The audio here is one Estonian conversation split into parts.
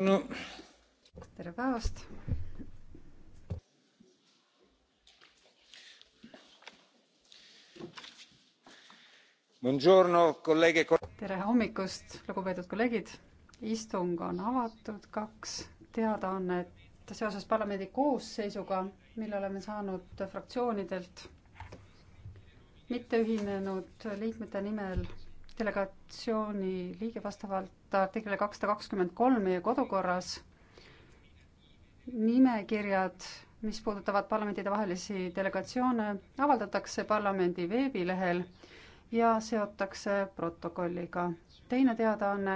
no.. tere päevast. E tere hommikust, lugupeetud kolleegid. istung on avatud, kaks teadaannet seoses parlamendi koosseisuga, mille oleme saanud fraktsioonidelt mitteühinenud liikmete nimel delegatsiooni liige vastavalt vaadata artiklile kakssada kakskümmend kolm meie kodukorras, nimekirjad, mis puudutavad parlamentidevahelisi delegatsioone, avaldatakse parlamendi veebilehel ja seotakse protokolliga. teine teadaanne,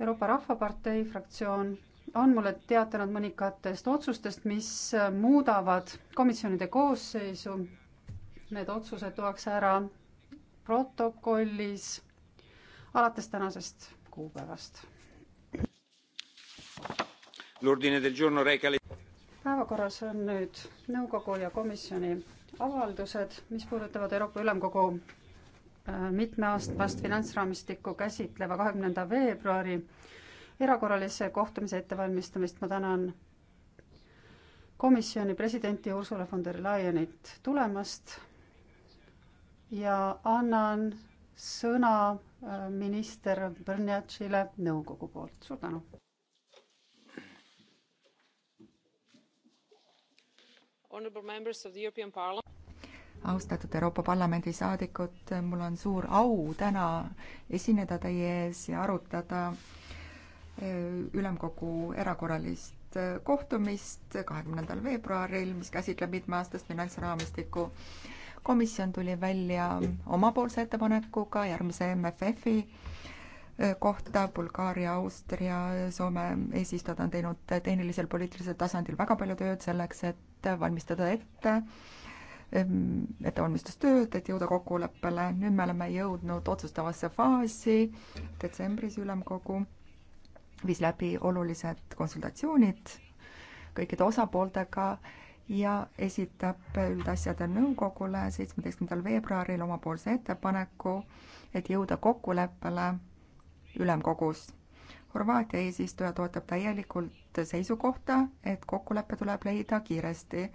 Euroopa Rahvapartei fraktsioon on mulle teatanud mõningatest otsustest, mis muudavad komisjonide koosseisu. Need otsused tuuakse ära protokollis alates tänasest kuupäevast. päevakorras on nüüd nõukogu ja komisjoni avaldused, mis puudutavad Euroopa Ülemkogu äh, mitmeaastast finantsraamistikku käsitleva kahekümnenda veebruari erakorralise kohtumise ettevalmistamist. ma tänan komisjoni presidenti Ursula von der Leyenit tulemast ja annan sõna minister Brnjatšile nõukogu poolt, suur tänu. austatud Euroopa Parlamendi saadikud, mul on suur au täna esineda teie ees ja arutada eh, ülemkogu erakorralist eh, kohtumist kahekümnendal veebruaril, mis käsitleb mitmeaastast finantsraamistikku komisjon tuli välja omapoolse ettepanekuga järgmise MFF-i äh, kohta Bulgaaria, Austria, Soome eesistujad on teinud tehnilisel, poliitilisel tasandil väga palju tööd selleks, et valmistada ette ähm, ettevalmistustööd, et jõuda kokkuleppele. nüüd me oleme jõudnud otsustavasse faasi, detsembris ülemkogu viis läbi olulised konsultatsioonid kõikide osapooltega ja esitab üldasjade nõukogule seitsmeteistkümnendal veebruaril omapoolse ettepaneku, et jõuda kokkuleppele ülemkogus. Horvaatia eesistuja toetab täielikult seisukohta, et kokkulepe tuleb leida kiiresti.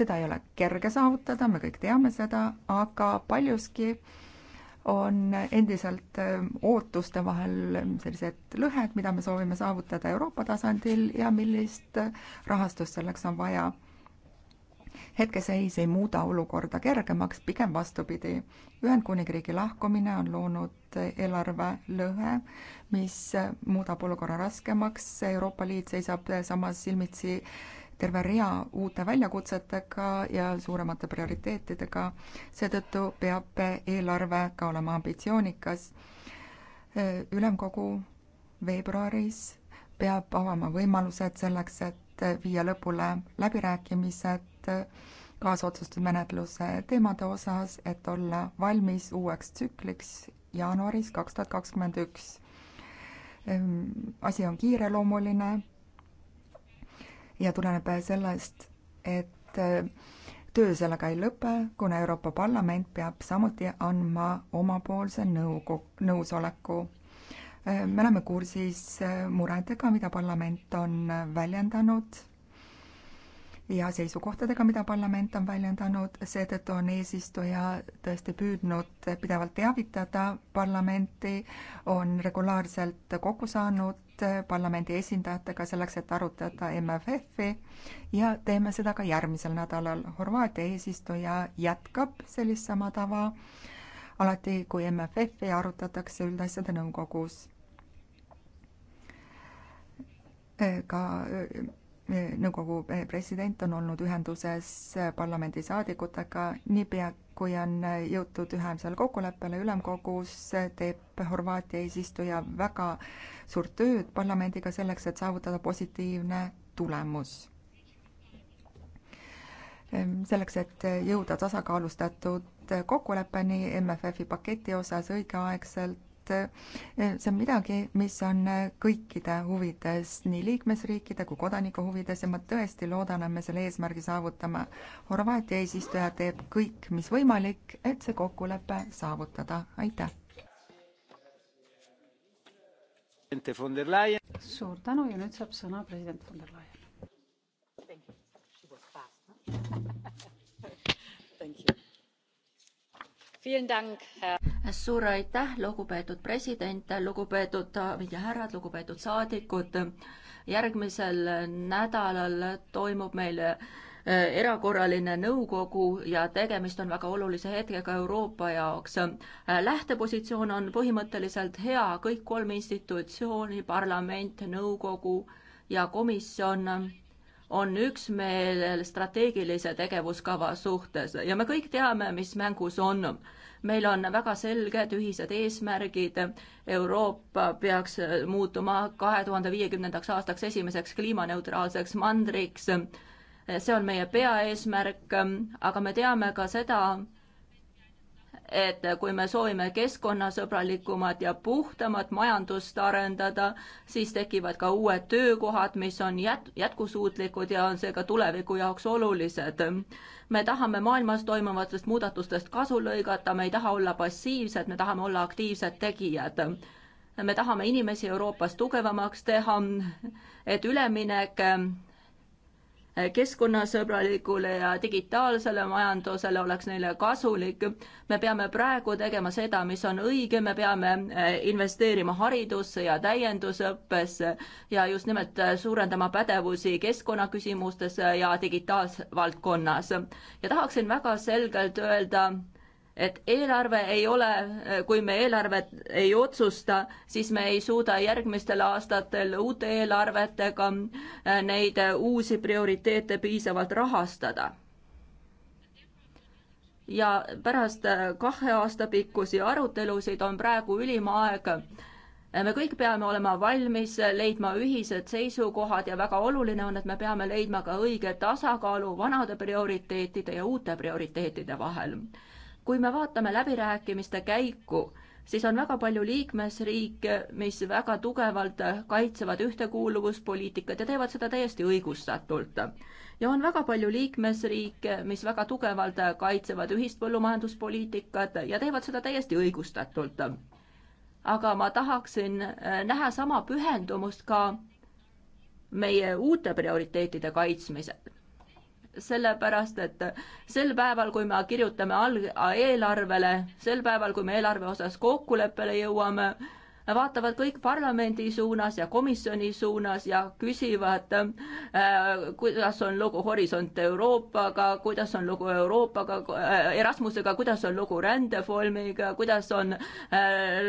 seda ei ole kerge saavutada, me kõik teame seda, aga paljuski on endiselt ähm, ootuste vahel sellised lõhed, mida me soovime saavutada Euroopa tasandil ja millist äh, rahastust selleks on vaja hetkeseis ei muuda olukorda kergemaks, pigem vastupidi. Ühendkuningriigi lahkumine on loonud eelarvelõhe, mis muudab olukorra raskemaks, Euroopa Liit seisab samas silmitsi terve rea uute väljakutsetega ja suuremate prioriteetidega, seetõttu peab eelarve ka olema ambitsioonikas. ülemkogu veebruaris peab avama võimalused selleks, et viia lõpule läbirääkimised Äh, kaasotsustusmenetluse teemade osas, et olla valmis uueks tsükliks jaanuaris kaks tuhat kakskümmend üks. Ehm, asi on kiireloomuline ja tuleneb sellest, et äh, töö sellega ei lõpe, kuna Euroopa Parlament peab samuti andma omapoolse nõugu, nõusoleku. Ehm, me oleme kursis äh, muredega, mida parlament on väljendanud ja seisukohtadega, mida parlament on väljendanud, seetõttu on eesistuja tõesti püüdnud pidevalt teavitada parlamenti, on regulaarselt kokku saanud parlamendi esindajatega selleks, et arutada MFF-i ja teeme seda ka järgmisel nädalal. Horvaatia eesistuja jätkab sellist sama tava alati, kui MFF-i arutatakse üldasjade nõukogus. ka nõukogu eh, president on olnud ühenduses eh, parlamendisaadikutega, niipea kui on eh, jõutud ühemsel kokkuleppele ülemkogus, teeb Horvaatia eesistuja väga suurt tööd parlamendiga selleks, et saavutada positiivne tulemus. Ehm, selleks, et jõuda tasakaalustatud kokkuleppeni MFF-i paketi osas õigeaegselt et eh, see on midagi, mis on eh, kõikide huvides, nii liikmesriikide kui kodanike huvides ja ma tõesti loodan, et me selle eesmärgi saavutame. Horvaatia eesistuja teeb kõik, mis võimalik, et see kokkulepe saavutada, aitäh! suur tänu ja nüüd saab sõna president von der Leyen. suur aitäh, lugupeetud president, lugupeetud daamid ja härrad, lugupeetud saadikud. järgmisel nädalal toimub meil eh, erakorraline nõukogu ja tegemist on väga olulise hetkega Euroopa jaoks. Eh, lähtepositsioon on põhimõtteliselt hea, kõik kolm institutsiooni, parlament, nõukogu ja komisjon on üksmeelel strateegilise tegevuskava suhtes ja me kõik teame, mis mängus on. meil on väga selged ühised eesmärgid, Euroopa peaks muutuma kahe tuhande viiekümnendaks aastaks esimeseks kliimaneutraalseks mandriks, see on meie peaeesmärk, aga me teame ka seda, et kui me soovime keskkonnasõbralikumat ja puhtamat majandust arendada, siis tekivad ka uued töökohad, mis on jät-, jätkusuutlikud ja on seega tuleviku jaoks olulised. me tahame maailmas toimuvatest muudatustest kasu lõigata, me ei taha olla passiivsed, me tahame olla aktiivsed tegijad me tahame inimesi Euroopas tugevamaks teha, et üleminek keskkonnasõbralikule ja digitaalsele majandusele oleks neile kasulik. me peame praegu tegema seda, mis on õige, me peame eh, investeerima haridusse ja täiendusõppesse ja just nimelt eh, suurendama pädevusi keskkonnaküsimustes ja digitaalvaldkonnas. ja tahaksin väga selgelt öelda, et eelarve ei ole, kui me eelarvet ei otsusta, siis me ei suuda järgmistel aastatel uute eelarvetega äh, neid äh, uusi prioriteete piisavalt rahastada. ja pärast äh, kahe aasta pikkusi arutelusid on praegu ülim aeg me kõik peame olema valmis leidma ühised seisukohad ja väga oluline on, et me peame leidma ka õige tasakaalu vanade prioriteetide ja uute prioriteetide vahel kui me vaatame läbirääkimiste käiku, siis on väga palju liikmesriike, mis väga tugevalt kaitsevad ühtekuuluvuspoliitikat ja teevad seda täiesti õigustatult. ja on väga palju liikmesriike, mis väga tugevalt kaitsevad ühist põllumajanduspoliitikat ja teevad seda täiesti õigustatult. aga ma tahaksin äh, näha sama pühendumust ka meie uute prioriteetide kaitsmisel sellepärast et sel päeval, kui me kirjutame all-, eelarvele, sel päeval, kui me eelarve osas kokkuleppele jõuame, vaatavad kõik parlamendi suunas ja komisjoni suunas ja küsivad, äh, kuidas on lugu Horisont Euroopaga, kuidas on lugu Euroopaga, äh, Erasmusega, kuidas on lugu rändefolmiga, kuidas on äh,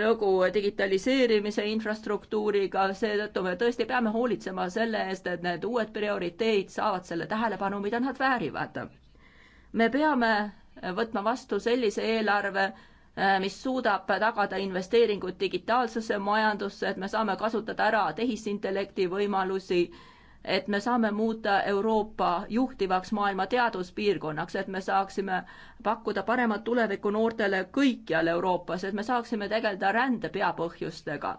lugu digitaliseerimise infrastruktuuriga, seetõttu me tõesti peame hoolitsema selle eest, et need uued prioriteed saavad selle tähelepanu, mida nad väärivad. me peame võtma vastu sellise eelarve, Äh, mis suudab tagada investeeringuid digitaalsesse majandusse, et me saame kasutada ära tehisintellekti võimalusi, et me saame muuta Euroopa juhtivaks maailma teaduspiirkonnaks, et me saaksime pakkuda paremat tulevikku noortele kõikjal Euroopas, et me saaksime tegeleda rände peapõhjustega,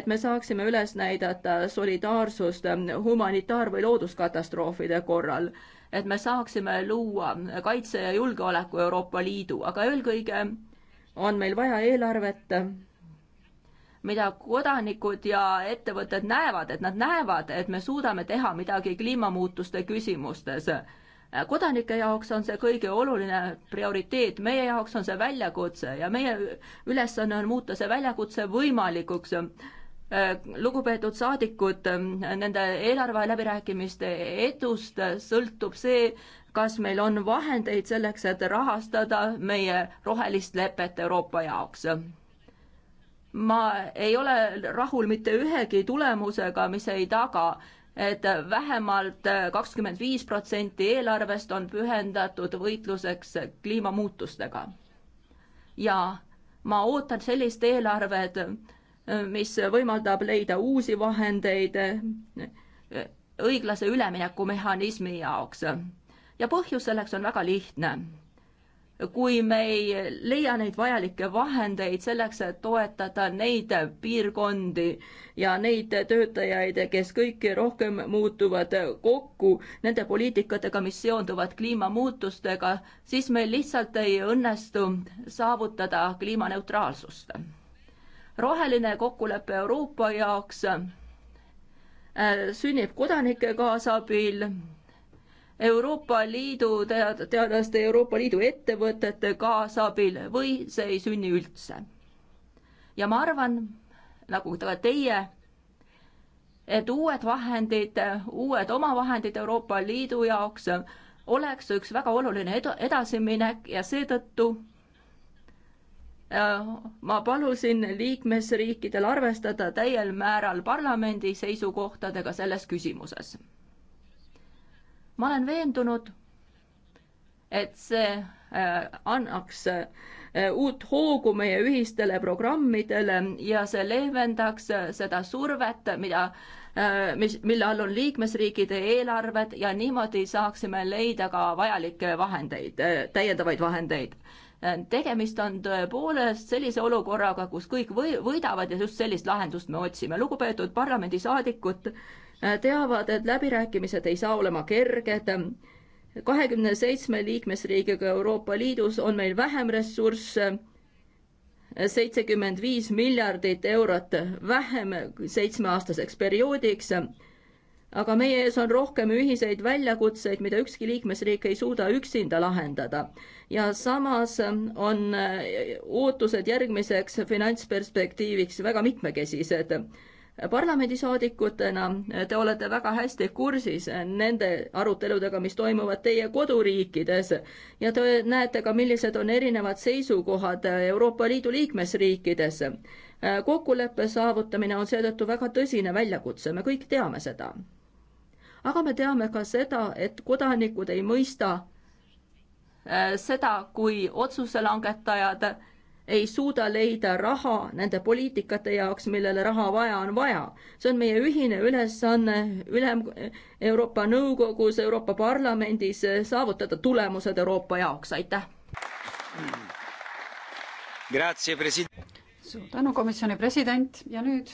et me saaksime üles näidata solidaarsust humanitaar- või looduskatastroofide korral, et me saaksime luua kaitse ja julgeoleku Euroopa Liidu, aga eelkõige on meil vaja eelarvet, mida kodanikud ja ettevõtted näevad, et nad näevad, et me suudame teha midagi kliimamuutuste küsimustes. kodanike jaoks on see kõige oluline prioriteet, meie jaoks on see väljakutse ja meie ülesanne on muuta see väljakutse võimalikuks lugupeetud saadikud, nende eelarve läbirääkimiste edust sõltub see, kas meil on vahendeid selleks, et rahastada meie rohelist lepet Euroopa jaoks. ma ei ole rahul mitte ühegi tulemusega, mis ei taga et vähemalt kakskümmend viis protsenti eelarvest on pühendatud võitluseks kliimamuutustega. ja ma ootan sellist eelarvet, mis võimaldab leida uusi vahendeid õiglase ülemineku mehhanismi jaoks. ja põhjus selleks on väga lihtne. kui me ei leia neid vajalikke vahendeid selleks, et toetada neid piirkondi ja neid töötajaid, kes kõiki rohkem muutuvad kokku nende poliitikatega, mis seonduvad kliimamuutustega, siis meil lihtsalt ei õnnestu saavutada kliimaneutraalsust roheline kokkulepe Euroopa jaoks äh, sünnib kodanike kaasabil Euroopa Liidu tead-, teadlaste Euroopa Liidu ettevõtete kaasabil või see ei sünni üldse. ja ma arvan, nagu ka teie, et uued vahendid, uued omavahendid Euroopa Liidu jaoks oleks üks väga oluline edu, edasiminek ja seetõttu Äh, ma palusin liikmesriikidel arvestada täiel määral parlamendi seisukohtadega selles küsimuses. ma olen veendunud, et see äh, annaks äh, uut hoogu meie ühistele programmidele ja see leevendaks seda survet, mida, mis, mille all on liikmesriikide eelarved ja niimoodi saaksime leida ka vajalikke vahendeid, täiendavaid vahendeid tegemist on tõepoolest sellise olukorraga, kus kõik või-, võidavad ja just sellist lahendust me otsime. lugupeetud parlamendisaadikud äh, teavad, et läbirääkimised ei saa olema kerged kahekümne seitsme liikmesriigiga Euroopa Liidus on meil vähem ressursse, seitsekümmend viis miljardit eurot vähem seitsmeaastaseks perioodiks aga meie ees on rohkem ühiseid väljakutseid, mida ükski liikmesriik ei suuda üksinda lahendada. ja samas ähm, on äh, ootused järgmiseks finantsperspektiiviks väga mitmekesised. parlamendisaadikutena äh, te olete väga hästi kursis äh, nende aruteludega, mis toimuvad teie koduriikides ja te näete ka, millised on erinevad seisukohad Euroopa Liidu liikmesriikides kokkuleppe saavutamine on seetõttu väga tõsine väljakutse, me kõik teame seda aga me teame ka seda, et kodanikud ei mõista äh, seda, kui otsuse langetajad ei suuda leida raha nende poliitikate jaoks, millele raha vaja on vaja. see on meie ühine ülesanne ülem Euroopa Nõukogus, Euroopa Parlamendis äh, saavutada tulemused Euroopa jaoks, aitäh! suur tänu, komisjoni president ja nüüd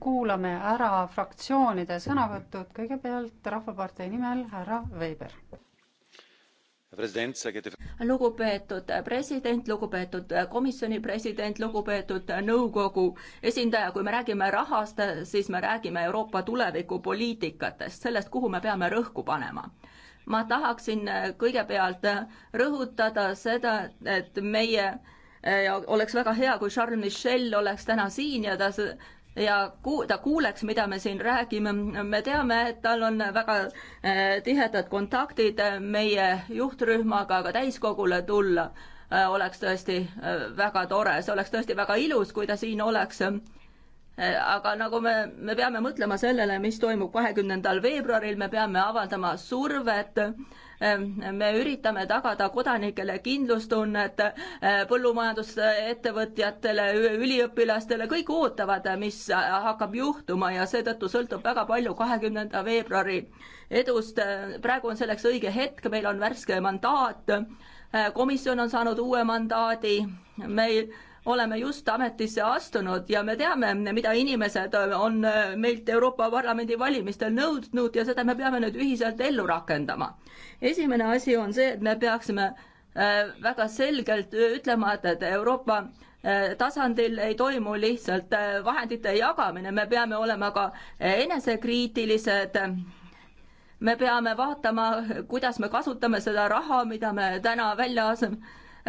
kuulame ära fraktsioonide sõnavõtud, kõigepealt Rahvapartei nimel härra Veiber. lugupeetud president, lugupeetud komisjoni president, lugupeetud nõukogu esindaja, kui me räägime rahast, siis me räägime Euroopa tulevikupoliitikatest, sellest, kuhu me peame rõhku panema ma tahaksin kõigepealt rõhutada seda, et meie ja oleks väga hea, kui Charles Michel oleks täna siin ja ta ja ku-, ta kuuleks, mida me siin räägime, me teame, et tal on väga äh, tihedad kontaktid äh, meie juhtrühmaga, aga täiskogule tulla äh, oleks tõesti väga tore, see oleks tõesti väga ilus, kui ta siin oleks. aga nagu me, me peame mõtlema sellele, mis toimub kahekümnendal veebruaril, me peame avaldama survet äh, Ehm, me üritame tagada kodanikele kindlustunnet, eh, põllumajandusettevõtjatele, üliõpilastele, kõik ootavad, mis hakkab juhtuma ja seetõttu sõltub väga palju kahekümnenda veebruari edust. praegu on selleks õige hetk, meil on värske mandaat, eh, komisjon on saanud uue mandaadi, meil oleme just ametisse astunud ja me teame, mida inimesed on meilt Euroopa Parlamendi valimistel nõudnud ja seda me peame nüüd ühiselt ellu rakendama. esimene asi on see, et me peaksime äh, väga selgelt ütlema, et, et Euroopa äh, tasandil ei toimu lihtsalt äh, vahendite jagamine, me peame olema ka enesekriitilised, me peame vaatama, kuidas me kasutame seda raha, mida me täna välja aseme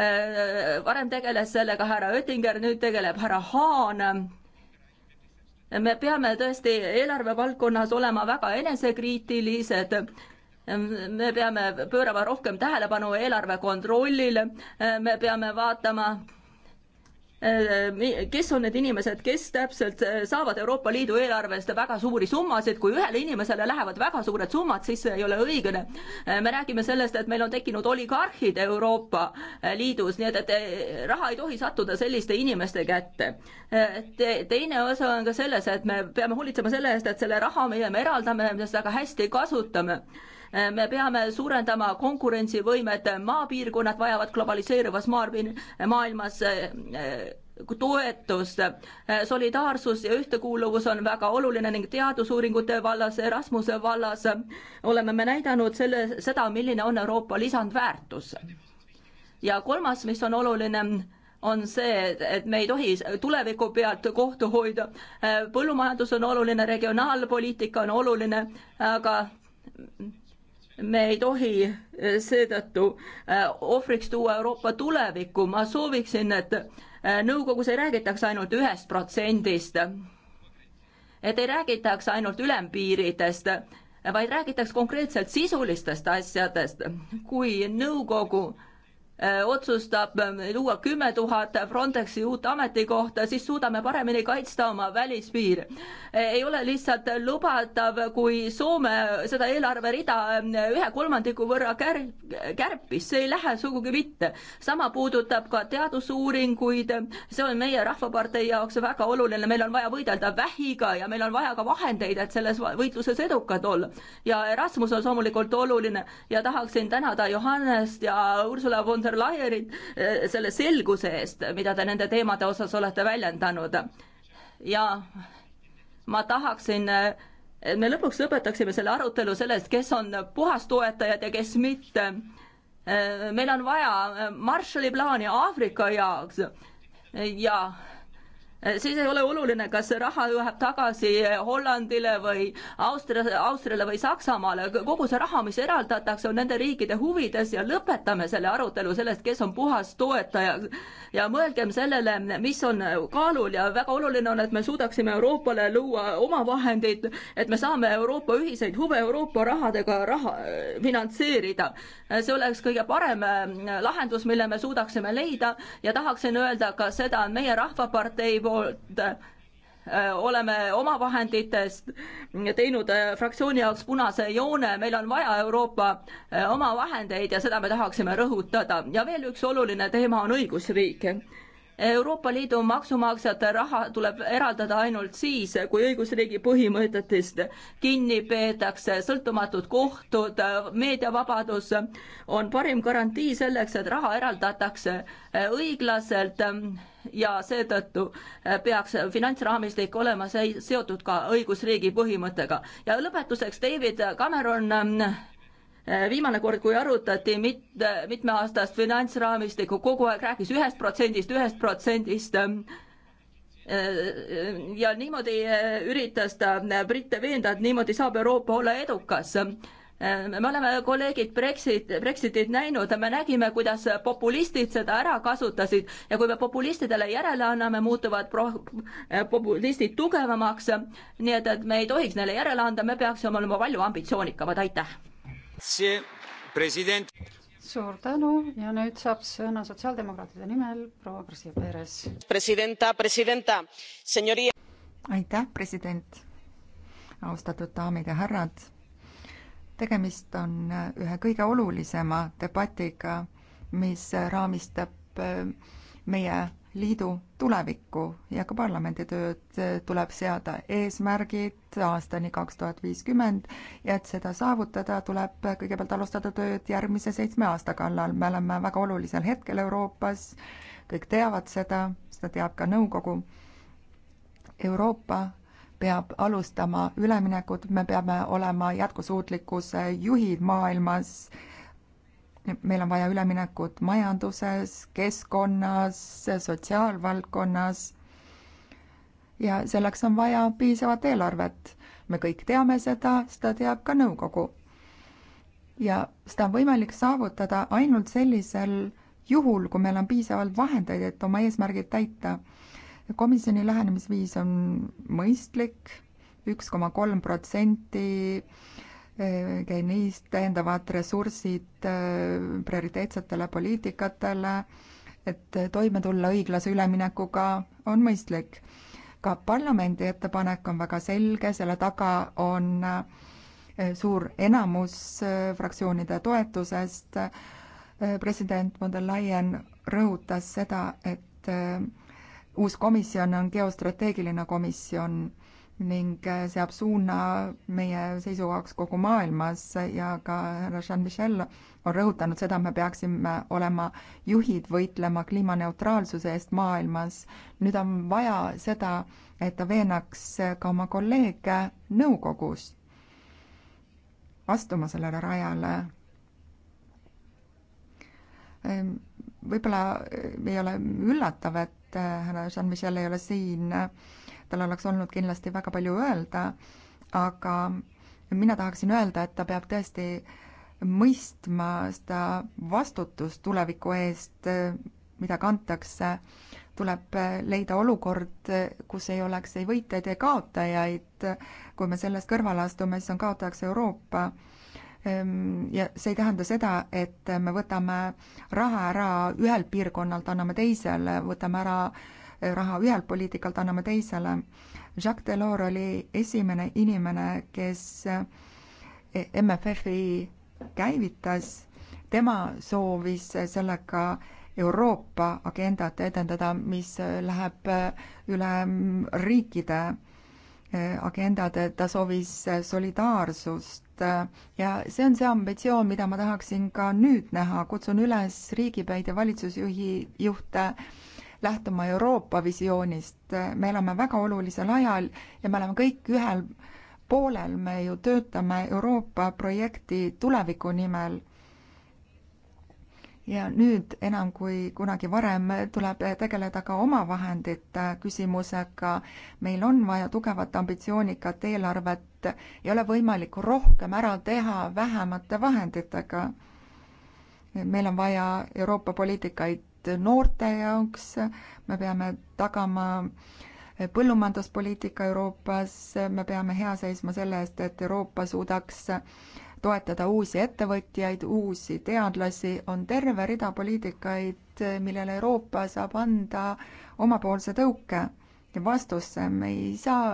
Äh, varem tegeles sellega härra Oettinger, nüüd tegeleb härra Haan. me peame tõesti eelarve valdkonnas olema väga enesekriitilised me peame pöörama rohkem tähelepanu eelarve kontrollile, me peame vaatama, Äh, kes on need inimesed, kes täpselt äh, saavad Euroopa Liidu eelarvest väga suuri summasid, kui ühele inimesele lähevad väga suured summad, siis see ei ole õigene. Äh, me räägime sellest, et meil on tekkinud oligarhid Euroopa Liidus, nii et, et raha ei tohi sattuda selliste inimeste kätte. Te-, teine osa on ka selles, et me peame hoolitsema selle eest, et selle raha, mille me eraldame, me seda ka hästi kasutame me peame suurendama konkurentsivõimet, maapiirkonnad vajavad globaliseeruvas maailmas eh, toetust. solidaarsus ja ühtekuuluvus on väga oluline ning teadusuuringute vallas, Erasmuse vallas oleme me näidanud selle, seda, milline on Euroopa lisandväärtus. ja kolmas, mis on oluline, on see, et me ei tohi tuleviku pealt kohtu hoida. Eh, põllumajandus on oluline, regionaalpoliitika on oluline, aga me ei tohi eh, seetõttu eh, ohvriks tuua Euroopa tulevikku, ma sooviksin, et eh, nõukogus ei räägitaks ainult ühest protsendist, et ei räägitaks ainult ülempiiridest, vaid räägitaks konkreetselt sisulistest asjadest, kui nõukogu Äh, otsustab ähm, luua kümme tuhat Frontexi uut ametikohta, siis suudame paremini kaitsta oma välispiir. Äh, ei ole lihtsalt lubatav, kui Soome seda eelarverida ähm, ühe kolmandiku võrra kär-, kärpis, see ei lähe sugugi mitte. sama puudutab ka teadusuuringuid, see on meie Rahvapartei jaoks väga oluline, meil on vaja võidelda vähiga ja meil on vaja ka vahendeid, et selles võitluses edukad olla. ja Erasmus on loomulikult oluline ja tahaksin tänada Johannest ja Ursula von der von der Leyenit äh, selle selguse eest, mida te nende teemade osas olete väljendanud. ja ma tahaksin äh, me lõpuks lõpetaksime selle arutelu sellest, kes on puhastoetajad ja kes mitte. Äh, meil on vaja Marshalli plaani Aafrika jaoks ja Äh, siis ei ole oluline, kas see raha läheb tagasi äh, Hollandile või Austria, Austriale või Saksamaale, kogu see raha, mis eraldatakse, on nende riikide huvides ja lõpetame selle arutelu sellest, kes on puhas toetaja. ja mõelgem sellele, mis on kaalul ja väga oluline on, et me suudaksime Euroopale luua oma vahendeid, et me saame Euroopa ühiseid huve Euroopa rahadega raha, äh, finantseerida. see oleks kõige parem lahendus, mille me suudaksime leida ja tahaksin öelda ka seda, et meie Rahvapartei poolt poolt äh, oleme omavahenditest teinud äh, fraktsiooni jaoks punase joone, meil on vaja Euroopa äh, omavahendeid ja seda me tahaksime rõhutada. ja veel üks oluline teema on õigusriik. Euroopa Liidu maksumaksjate raha tuleb eraldada ainult siis, kui õigusriigi põhimõtetest kinni peetakse, sõltumatud kohtud, meediavabadus on parim garantii selleks, et raha eraldatakse äh, õiglaselt äh, ja seetõttu äh, peaks finantsraamistik olema seotud ka õigusriigi põhimõttega. ja lõpetuseks, David Cameron Äh, viimane kord, kui arutati mit-, äh, mitmeaastast finantsraamistikku, kogu aeg rääkis ühest protsendist, ühest protsendist ähm, äh, ja niimoodi üritas ta britte veenda, et niimoodi saab Euroopa olla edukas. me oleme, kolleegid, Brexit, Brexitit näinud, me nägime, kuidas populistid seda ära kasutasid ja kui me populistidele järele anname, muutuvad pro-, populistid tugevamaks, nii et, et me ei tohiks neile järele anda, me peaksime olema palju ambitsioonikamad, aitäh! suur tänu ja nüüd saab sõna sotsiaaldemokraatide nimel proua Garcia Perez. aitäh, president. austatud daamid ja härrad. tegemist on ühe kõige olulisema debatiga, mis raamistab äh, meie Liidu tulevikku ja ka parlamendi tööd tuleb seada eesmärgid aastani kaks tuhat viiskümmend ja et seda saavutada, tuleb kõigepealt alustada tööd järgmise seitsme aasta kallal. me oleme väga olulisel hetkel Euroopas, kõik teavad seda, seda teab ka nõukogu. Euroopa peab alustama üleminekut, me peame olema jätkusuutlikkuse juhid maailmas meil on vaja üleminekut majanduses, keskkonnas, sotsiaalvaldkonnas ja selleks on vaja piisavat eelarvet. me kõik teame seda, seda teab ka nõukogu. ja seda on võimalik saavutada ainult sellisel juhul, kui meil on piisavalt vahendeid, et oma eesmärgid täita. komisjoni lähenemisviis on mõistlik, üks koma kolm protsenti geeniis täiendavad ressursid äh, prioriteetsetele poliitikatele, et toime tulla õiglase üleminekuga, on mõistlik. ka parlamendi ettepanek on väga selge, selle taga on äh, suur enamus äh, fraktsioonide toetusest. president von der Leyen rõhutas seda, et uus komisjon on geostrateegiline komisjon ning äh, seab suuna meie seisukohaks kogu maailmas ja ka härra Jean Michel on rõhutanud seda, et me peaksime olema juhid võitlema kliimaneutraalsuse eest maailmas. nüüd on vaja seda, et ta veenaks ka oma kolleege nõukogus astuma sellele rajale. Ehm, võib-olla ei ole üllatav, et äh, härra Jean Michel ei ole siin tal oleks olnud kindlasti väga palju öelda, aga mina tahaksin öelda, et ta peab tõesti mõistma seda vastutust tuleviku eest, mida kantakse, tuleb leida olukord, kus ei oleks ei võitjaid ega kaotajaid. kui me sellest kõrvale astume, siis on kaotajaks Euroopa. ja see ei tähenda seda, et me võtame raha ära ühelt piirkonnalt, anname teisele, võtame ära raha ühelt poliitikalt anname teisele. Jacques Delors oli esimene inimene, kes eh, MFF-i käivitas, tema soovis sellega Euroopa agendat edendada, mis läheb eh, üle mm, riikide eh, agendade, ta soovis solidaarsust ja see on see ambitsioon, mida ma tahaksin ka nüüd näha, kutsun üles riigipäid ja valitsusjuhi, juhte äh, lähtuma Euroopa visioonist. me elame väga olulisel ajal ja me oleme kõik ühel poolel, me ju töötame Euroopa projekti tuleviku nimel. ja nüüd enam kui kunagi varem tuleb tegeleda ka omavahendite küsimusega. meil on vaja tugevat ambitsioonikat eelarvet, ei ole võimalik rohkem ära teha vähemate vahenditega meil on vaja Euroopa poliitikaid noorte jaoks, me peame tagama põllumajanduspoliitika Euroopas, me peame hea seisma selle eest, et Euroopa suudaks toetada uusi ettevõtjaid, uusi teadlasi, on terve rida poliitikaid, millele Euroopa saab anda omapoolse tõuke ja vastusse, me ei saa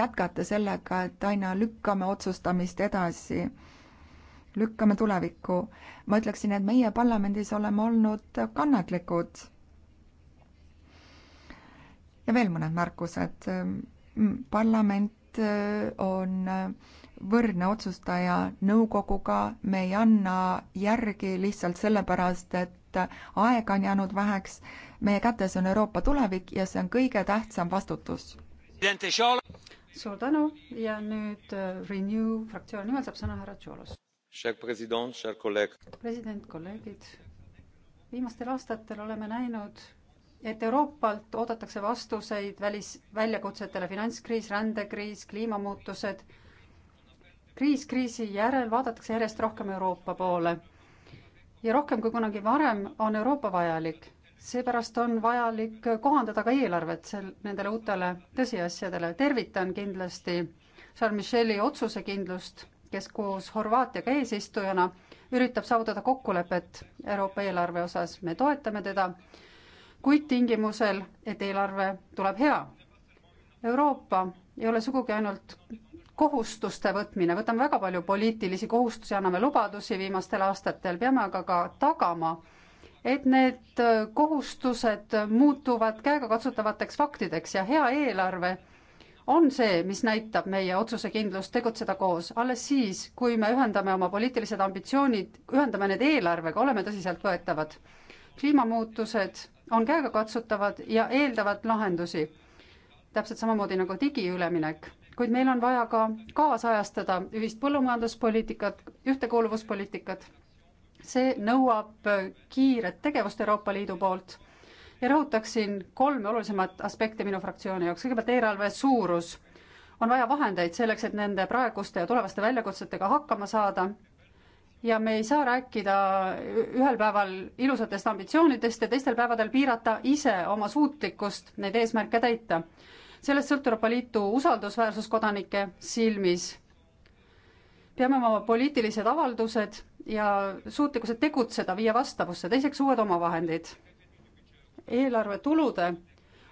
jätkata sellega, et aina lükkame otsustamist edasi lükkame tulevikku. ma ütleksin, et meie parlamendis oleme olnud kannatlikud. ja veel mõned märkused. parlament äh, on äh, võrdne otsustaja nõukoguga, me ei anna järgi lihtsalt sellepärast, et aega on jäänud väheks. meie kätes on Euroopa tulevik ja see on kõige tähtsam vastutus. suur tänu ja nüüd äh, Renew fraktsiooni nimel saab sõna härra Tšolos president, kolleegid. viimastel aastatel oleme näinud, et Euroopalt oodatakse vastuseid välis, väljakutsetele finantskriis, rändekriis, kliimamuutused. kriis kriisi järel vaadatakse järjest rohkem Euroopa poole. ja rohkem kui kunagi varem on Euroopa vajalik. seepärast on vajalik kohandada ka eelarvet sel, nendele uutele tõsiasjadele. tervitan kindlasti Charles Micheli otsusekindlust kes koos Horvaatiaga eesistujana üritab saavutada kokkulepet Euroopa eelarve osas. me toetame teda, kuid tingimusel, et eelarve tuleb hea. Euroopa ei ole sugugi ainult kohustuste võtmine, võtame väga palju poliitilisi kohustusi, anname lubadusi viimastel aastatel, peame aga ka tagama, et need kohustused muutuvad käegakatsutavateks faktideks ja hea eelarve on see, mis näitab meie otsusekindlust tegutseda koos. alles siis, kui me ühendame oma poliitilised ambitsioonid, ühendame need eelarvega, oleme tõsiseltvõetavad. kliimamuutused on käegakatsutavad ja eeldavad lahendusi. täpselt samamoodi nagu digiüleminek, kuid meil on vaja ka kaasajastada ühist põllumajanduspoliitikat, ühtekuuluvuspoliitikat. see nõuab kiiret tegevust Euroopa Liidu poolt ja rõhutaksin kolme olulisemat aspekti minu fraktsiooni jaoks. kõigepealt eelarve suurus. on vaja vahendeid selleks, et nende praeguste ja tulevaste väljakutsetega hakkama saada. ja me ei saa rääkida ühel päeval ilusatest ambitsioonidest ja teistel päevadel piirata ise oma suutlikkust neid eesmärke täita. sellest sõltub Euroopa Liidu usaldusväärsus kodanike silmis peame oma poliitilised avaldused ja suutlikkused tegutseda viia vastavusse, teiseks uued omavahendid eelarve tulude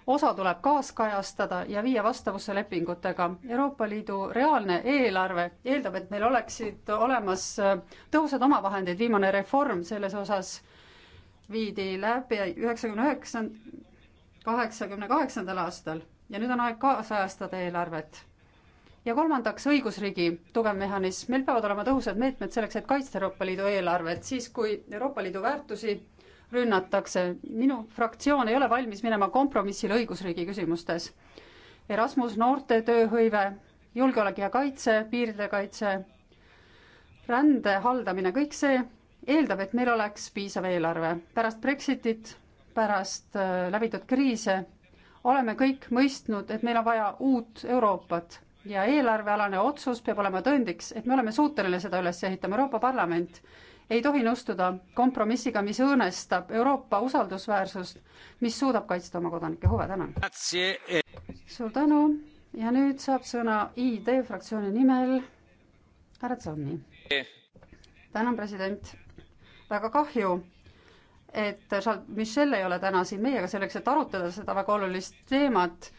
osa tuleb kaaskajastada ja viia vastavusse lepingutega. Euroopa Liidu reaalne eelarve eeldab, et meil oleksid olemas äh, tõhusad omavahendid, viimane reform selles osas viidi läbi üheksakümne üheksa, kaheksakümne kaheksandal aastal ja nüüd on aeg kaasajastada eelarvet. ja kolmandaks, õigusriigi tugev mehhanism, meil peavad olema tõhusad meetmed selleks, et kaitsta Euroopa Liidu eelarvet siis, kui Euroopa Liidu väärtusi rünnatakse. minu fraktsioon ei ole valmis minema kompromissile õigusriigi küsimustes. Erasmus noorte tööhõive, julgeolek ja kaitse, piiride kaitse, rände haldamine, kõik see eeldab, et meil oleks piisav eelarve. pärast Brexitit, pärast äh, läbitud kriise oleme kõik mõistnud, et meil on vaja uut Euroopat ja eelarvealane otsus peab olema tõendiks, et me oleme suuteline seda üles ehitama. Euroopa Parlament ei tohi nõustuda kompromissiga, mis õõnestab Euroopa usaldusväärsust, mis suudab kaitsta oma kodanike huve, tänan. suur tänu ja nüüd saab sõna ID fraktsiooni nimel härra Tsanni. tänan, president. väga kahju et Charles Michel ei ole täna siin meiega selleks, et arutada seda väga olulist teemat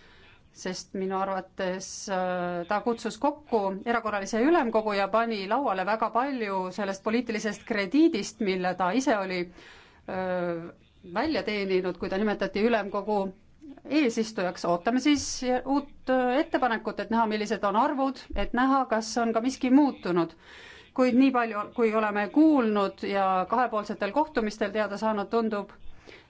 sest minu arvates äh, ta kutsus kokku erakorralise ülemkogu ja pani lauale väga palju sellest poliitilisest krediidist, mille ta ise oli öö, äh, välja teeninud, kui ta nimetati ülemkogu eesistujaks, ootame siis uut äh, ettepanekut, et näha, millised on arvud, et näha, kas on ka miski muutunud. kuid nii palju, kui oleme kuulnud ja kahepoolsetel kohtumistel teada saanud, tundub,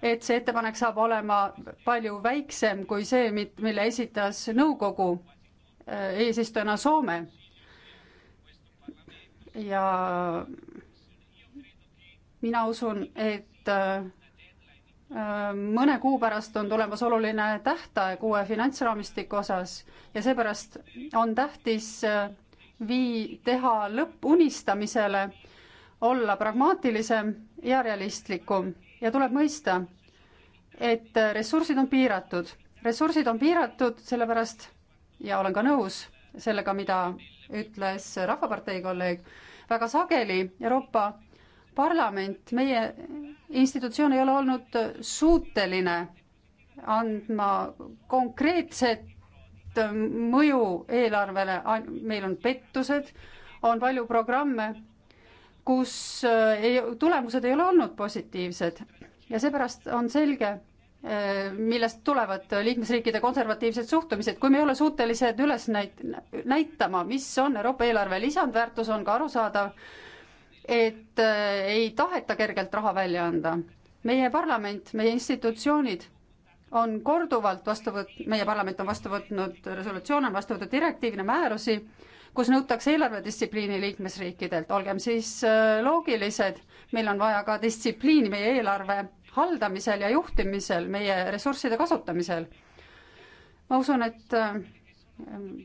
et see ettepanek saab olema palju väiksem kui see, mille esitas nõukogu äh, eesistujana Soome. ja mina usun, et äh, äh, mõne kuu pärast on tulemas oluline tähtaeg uue finantsraamistiku osas ja seepärast on tähtis vii-, teha lõpp unistamisele, olla pragmaatilisem ja realistlikum ja tuleb mõista, et ressursid on piiratud, ressursid on piiratud sellepärast ja olen ka nõus sellega, mida ütles Rahvapartei kolleeg, väga sageli Euroopa Parlament, meie institutsioon ei ole olnud suuteline andma konkreetset mõju eelarvele, meil on pettused, on palju programme, kus äh, ei, tulemused ei ole olnud positiivsed ja seepärast on selge, äh, millest tulevad liikmesriikide konservatiivsed suhtumised, kui me ei ole suutelised üles näit-, näitama, mis on Euroopa eelarve lisandväärtus, on ka arusaadav, et äh, ei taheta kergelt raha välja anda. meie parlament, meie institutsioonid on korduvalt vastu võt-, meie parlament on vastu võtnud resolutsioone, on vastu võtnud direktiivne määrusi, kus nõutakse eelarvedistsipliini liikmesriikidelt, olgem siis äh, loogilised, meil on vaja ka distsipliini meie eelarve haldamisel ja juhtimisel, meie ressursside kasutamisel. ma usun, et äh,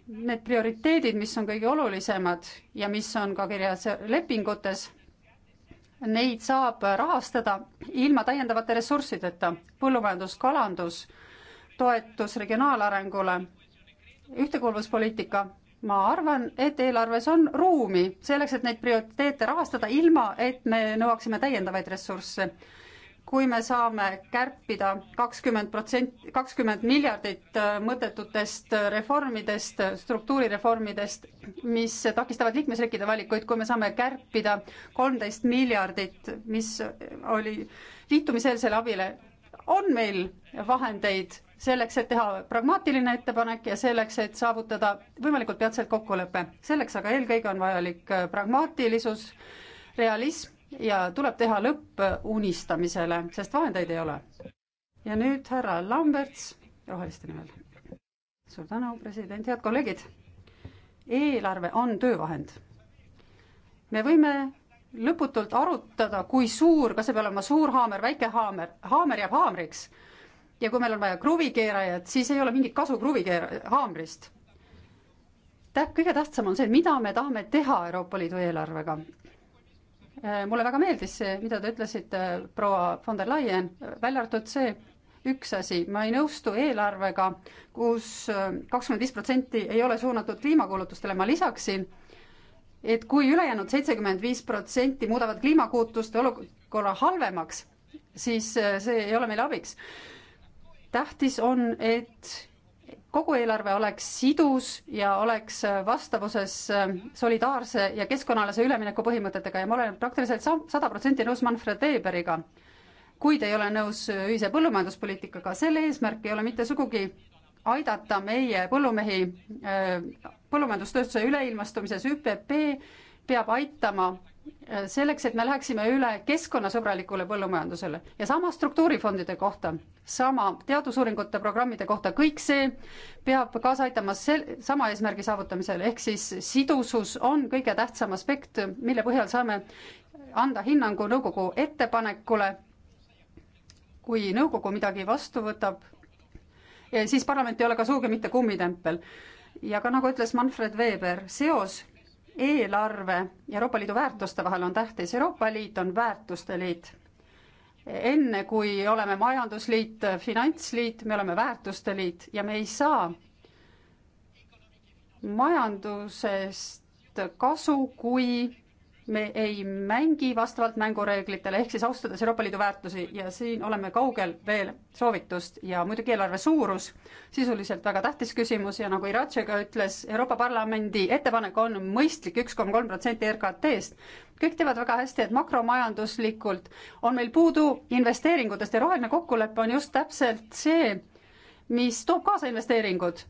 need prioriteedid, mis on kõige olulisemad ja mis on ka kirjas lepingutes, neid saab rahastada ilma täiendavate ressurssideta, põllumajandus, kalandus, toetus regionaalarengule, ühtekuuluvuspoliitika ma arvan, et eelarves on ruumi selleks, et neid prioriteete rahastada, ilma et me nõuaksime täiendavaid ressursse. kui me saame kärpida kakskümmend protsenti, kakskümmend miljardit äh, mõttetutest äh, reformidest, struktuurireformidest, mis takistavad liikmesriikide valikuid, kui me saame kärpida kolmteist miljardit, mis oli liitumiseelsele abile, on meil vahendeid selleks, et teha pragmaatiline ettepanek ja selleks, et saavutada võimalikult peatselt kokkulepe. selleks aga eelkõige on vajalik äh, pragmaatilisus, realism ja tuleb teha lõpp unistamisele, sest vahendeid ei ole. ja nüüd härra Lamberts roheliste nimel. suur tänu, president, head kolleegid. eelarve on töövahend. me võime lõputult arutada, kui suur, kas see peab olema suur haamer, väike haamer, haamer jääb haamriks ja kui meil on vaja kruvikeerajat, siis ei ole mingit kasu kruvikeera-, haamrist. Tä-, kõige tähtsam on see, mida me tahame teha Euroopa Liidu eelarvega. Äh, mulle väga meeldis see, mida te ütlesite, proua von der Leyen, välja arvatud see üks asi, ma ei nõustu eelarvega kus, kus äh, kakskümmend viis protsenti ei ole suunatud kliimakuulutustele, ma lisaksin, et kui ülejäänud seitsekümmend viis protsenti muudavad kliimakuutuste olukorra halvemaks, siis äh, see ei ole meile abiks tähtis on, et kogu eelarve oleks sidus ja oleks vastavuses solidaarse ja keskkonnaalase ülemineku põhimõtetega ja ma olen praktiliselt sada protsenti nõus Manfred Weberiga, kuid ei ole nõus ühise põllumajanduspoliitikaga, selle eesmärk ei ole mitte sugugi aidata meie põllumehi äh, põllumajandustööstuse üleilmastumises, ÜPP peab aitama selleks, et me läheksime üle keskkonnasõbralikule põllumajandusele ja sama struktuurifondide kohta, sama teadusuuringute programmide kohta, kõik see peab kaasa aitama sel-, sama eesmärgi saavutamisele, ehk siis sidusus on kõige tähtsam aspekt, mille põhjal saame anda hinnangu nõukogu ettepanekule. kui nõukogu midagi vastu võtab, eh, siis parlament ei ole ka sugugi mitte kummitempel. ja ka nagu ütles Manfred Weber, seos eelarve ja Euroopa Liidu väärtuste vahel on tähtis. Euroopa Liit on väärtuste liit. enne kui oleme majandusliit, finantsliit, me oleme väärtuste liit ja me ei saa majandusest kasu, kui me ei mängi vastavalt mängureeglitele, ehk siis austades Euroopa Liidu väärtusi ja siin oleme kaugel veel soovitust ja muidugi eelarve suurus, sisuliselt väga tähtis küsimus ja nagu Iratšega ütles, Euroopa Parlamendi ettepanek on mõistlik üks koma kolm protsenti RKT-st. kõik teavad väga hästi, et makromajanduslikult on meil puudu investeeringutest ja roheline kokkulepe on just täpselt see, mis toob kaasa investeeringud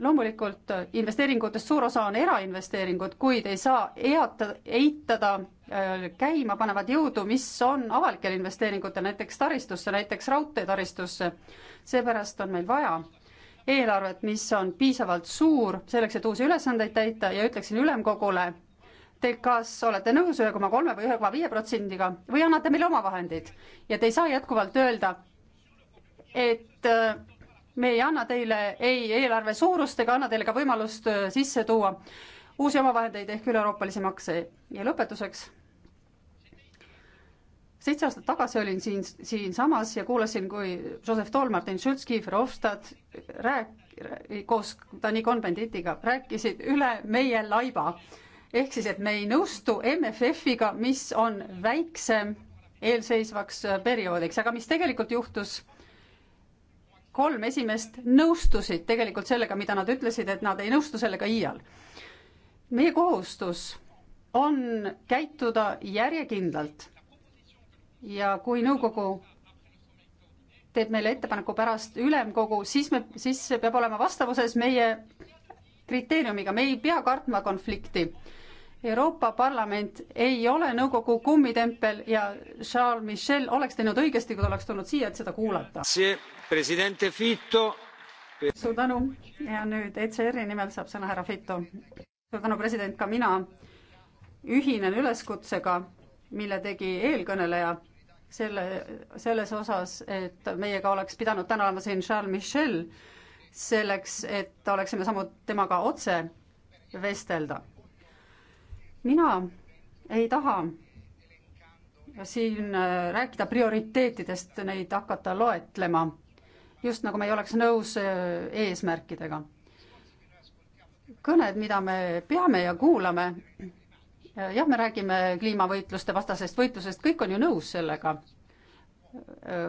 loomulikult äh, investeeringutest suur osa on erainvesteeringud, kuid ei saa eata, eitada äh, käima panevat jõudu, mis on avalikel investeeringutel, näiteks taristusse, näiteks raudteetaristusse. seepärast on meil vaja eelarvet, mis on piisavalt suur selleks, et uusi ülesandeid täita ja ütleksin ülemkogule, te kas olete nõus ühe koma kolme või ühe koma viie protsendiga või annate meile omavahendid ja te ei saa jätkuvalt öelda, et äh, me ei anna teile ei eelarve suurust ega anna teile ka võimalust äh, sisse tuua uusi omavahendeid ehk üleeuroopalisi makse. ja lõpetuseks. seitse aastat tagasi olin siin, siinsamas ja kuulasin, kui Joseph Toll, Martin Schulz, Kiefer Hofstad rääk-, koos Dani Convenditiga rääkisid üle meie laiba. ehk siis, et me ei nõustu MFF-iga, mis on väiksem eelseisvaks äh, perioodiks, aga mis tegelikult juhtus kolm esimest nõustusid tegelikult sellega, mida nad ütlesid, et nad ei nõustu sellega iial. meie kohustus on käituda järjekindlalt ja kui nõukogu teeb meile ettepaneku pärast ülemkogu, siis me, siis see peab olema vastavuses meie kriteeriumiga, me ei pea kartma konflikti Euroopa Parlament ei ole nõukogu kummitempel ja Charles Michel oleks teinud õigesti, kui ta oleks tulnud siia, et seda kuulata. suur tänu ja nüüd ECR-i nimel saab sõna härra Fito. suur tänu, president, ka mina ühinen üleskutsega, mille tegi eelkõneleja selle, selles osas, et meiega oleks pidanud täna olema siin Charles Michel, selleks et oleksime saanud temaga otse vestelda mina ei taha siin äh, rääkida prioriteetidest, neid hakata loetlema, just nagu me ei oleks nõus äh, eesmärkidega. kõned, mida me peame ja kuulame, äh, jah, me räägime kliimavõitluste vastasest võitlusest, kõik on ju nõus sellega.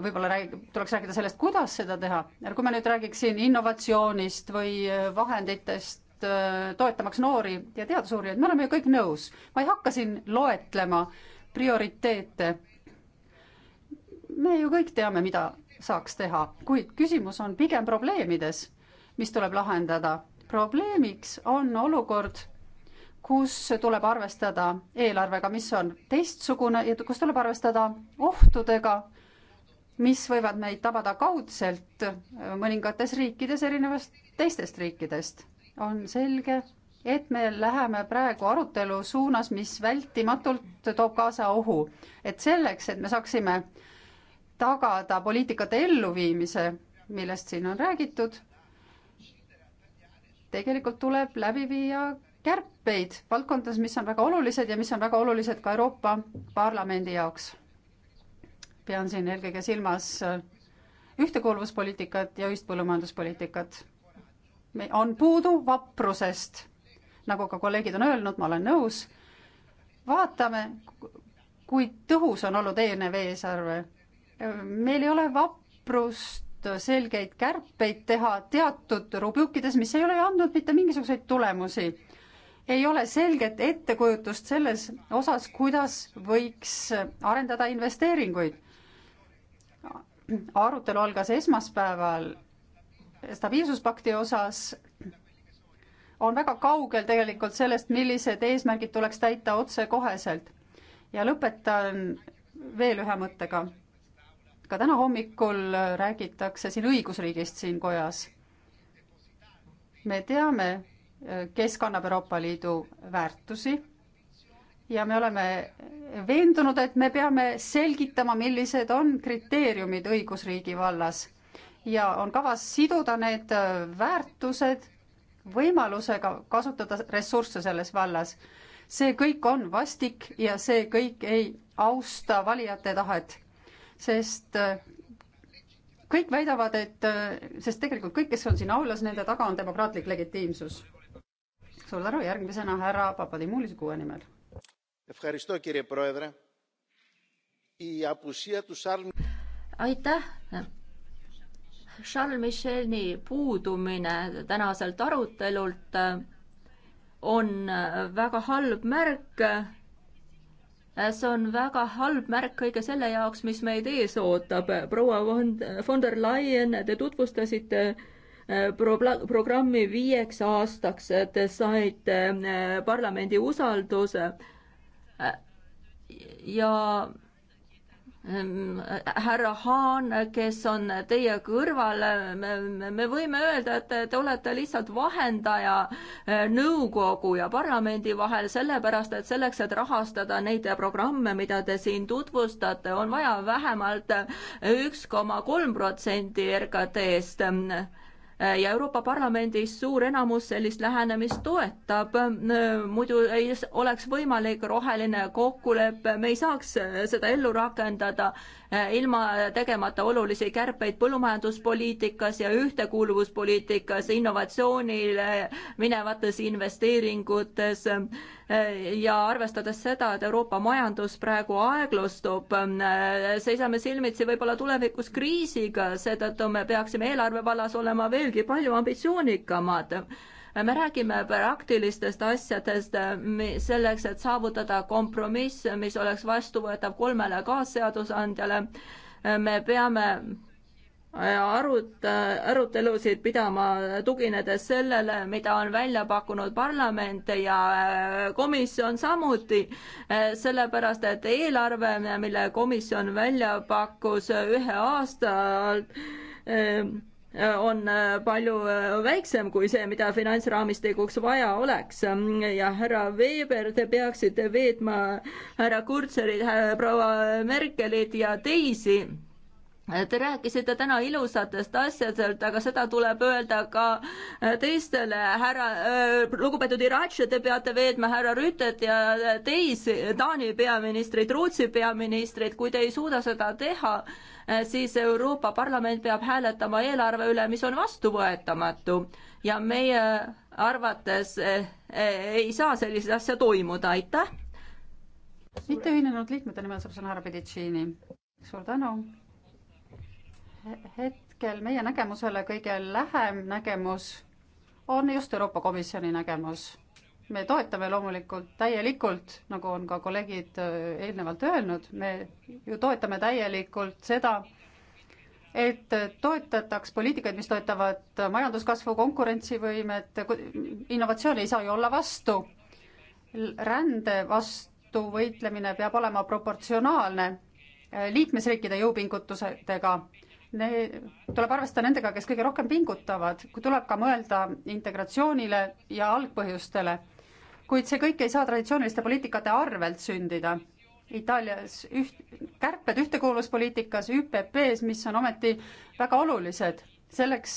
võib-olla rääg-, tuleks rääkida sellest, kuidas seda teha, kui ma nüüd räägiksin innovatsioonist või vahenditest, Äh, toetamaks noori ja teadusuurijaid, me oleme ju kõik nõus. ma ei hakka siin loetlema prioriteete. me ju kõik teame, mida saaks teha, kuid küsimus on pigem probleemides, mis tuleb lahendada. probleemiks on olukord, kus tuleb arvestada eelarvega, mis on teistsugune ja kus tuleb arvestada ohtudega, mis võivad meid tabada kaudselt äh, mõningates riikides erinevast teistest riikidest on selge, et me läheme praegu arutelu suunas, mis vältimatult toob kaasa ohu. et selleks, et me saaksime tagada poliitikate elluviimise, millest siin on räägitud, tegelikult tuleb läbi viia kärpeid valdkondades, mis on väga olulised ja mis on väga olulised ka Euroopa Parlamendi jaoks. pean siin eelkõige silmas ühtekuuluvuspoliitikat ja ühist põllumajanduspoliitikat me, on puudu vaprusest, nagu ka kolleegid on öelnud, ma olen nõus, vaatame, kui tõhus on olnud eelnev eesarve. meil ei ole vaprust selgeid kärpeid teha teatud rubrikides, mis ei ole andnud mitte mingisuguseid tulemusi. ei ole selget ettekujutust selles osas, kuidas võiks arendada investeeringuid. arutelu algas esmaspäeval stabiilsuspakti osas on väga kaugel tegelikult sellest, millised eesmärgid tuleks täita otsekoheselt. ja lõpetan veel ühe mõttega. ka täna hommikul räägitakse siin õigusriigist siin kojas. me teame, kes kannab Euroopa Liidu väärtusi ja me oleme veendunud, et me peame selgitama, millised on kriteeriumid õigusriigi vallas ja on kavas siduda need äh, väärtused võimalusega kasutada ressursse selles vallas. see kõik on vastik ja see kõik ei austa valijate tahet, sest äh, kõik väidavad, et, äh, sest tegelikult kõik, kes on siin aulas, nende taga on demokraatlik legitiimsus. suur tänu, järgmisena härra Papadimulis kuue nimel. aitäh Charles Micheli puudumine tänaselt arutelult äh, on äh, väga halb märk. see on väga halb märk kõige selle jaoks, mis meid ees ootab. proua von, äh, von der Leyen, te tutvustasite pro-, programmi viieks aastaks, te saite parlamendi usalduse ja Ehm, härra Haan, kes on teie kõrval, me võime öelda, et te olete lihtsalt vahendaja eh, nõukogu ja parlamendi vahel, sellepärast et selleks, et rahastada neid programme, mida te siin tutvustate, on vaja vähemalt üks koma kolm protsenti RKT-st ja Euroopa Parlamendis suur enamus sellist lähenemist toetab. muidu ei oleks võimalik roheline kokkulepe, me ei saaks seda ellu rakendada Äh, ilma tegemata olulisi kärpeid põllumajanduspoliitikas ja ühtekuuluvuspoliitikas, innovatsioonile minevates investeeringutes äh, ja arvestades seda, et Euroopa majandus praegu aeglustub, äh, seisame silmitsi võib-olla tulevikus kriisiga, seetõttu me peaksime eelarve vallas olema veelgi palju ambitsioonikamad me räägime praktilistest asjadest selleks, et saavutada kompromiss, mis oleks vastuvõetav kolmele kaasseadusandjale. me peame äh, arut-, arutelusid pidama, tuginedes sellele, mida on välja pakkunud parlament ja äh, komisjon samuti, äh, sellepärast et eelarve, mille komisjon välja pakkus ühe aasta alt, on äh, palju äh, väiksem kui see, mida finantsraamistikuks vaja oleks. ja härra Weber, te peaksite veetma härra Kurtserit, proua Merkelit ja teisi Te rääkisite täna ilusatest asjadest, aga seda tuleb öelda ka teistele, härra, äh, lugupeetud Iratše, te peate veedma härra Rüütet ja teisi, Taani peaministrit, Rootsi peaministrit, kui te ei suuda seda teha, äh, siis Euroopa Parlament peab hääletama eelarve üle, mis on vastuvõetamatu. ja meie arvates äh, ei saa sellist asja toimuda, aitäh! mitteühinenud liikmete nimel saab sõna härra Pedicini. suur tänu! hetkel meie nägemusele kõige lähem nägemus on just Euroopa Komisjoni nägemus. me toetame loomulikult täielikult, nagu on ka kolleegid äh, eelnevalt öelnud, me ju toetame täielikult seda, et toetataks poliitikaid, mis toetavad majanduskasvu, konkurentsivõimet, innovatsioon ei saa ju olla vastu. rände vastu võitlemine peab olema proportsionaalne äh, liikmesriikide jõupingutustega Need, tuleb arvestada nendega, kes kõige rohkem pingutavad, kui tuleb ka mõelda integratsioonile ja algpõhjustele. kuid see kõik ei saa traditsiooniliste poliitikate arvelt sündida. Itaalias üht, kärped ühtekuuluvuspoliitikas, ÜPP-s, mis on ometi väga olulised, selleks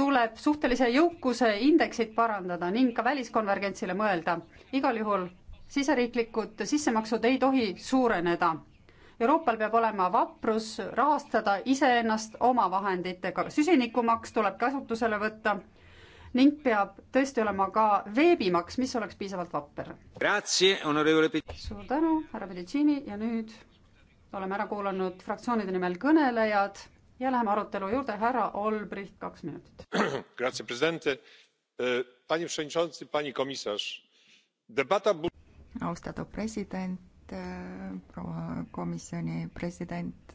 tuleb suhtelise jõukuse indeksit parandada ning ka väliskonvergentsile mõelda. igal juhul siseriiklikud sissemaksud ei tohi suureneda Euroopal peab olema vaprus rahastada iseennast oma vahenditega, süsinikumaks tuleb kasutusele võtta ning peab tõesti olema ka veebimaks, mis oleks piisavalt vapper. suur tänu, härra Pedicini ja nüüd oleme ära kuulanud fraktsioonide nimel kõnelejad ja läheme arutelu juurde, härra Olbricht, kaks minutit. Grazie, president. Eh, pani Przewodniczący, pani komisar. debata austatud president, Äh, proua komisjoni president.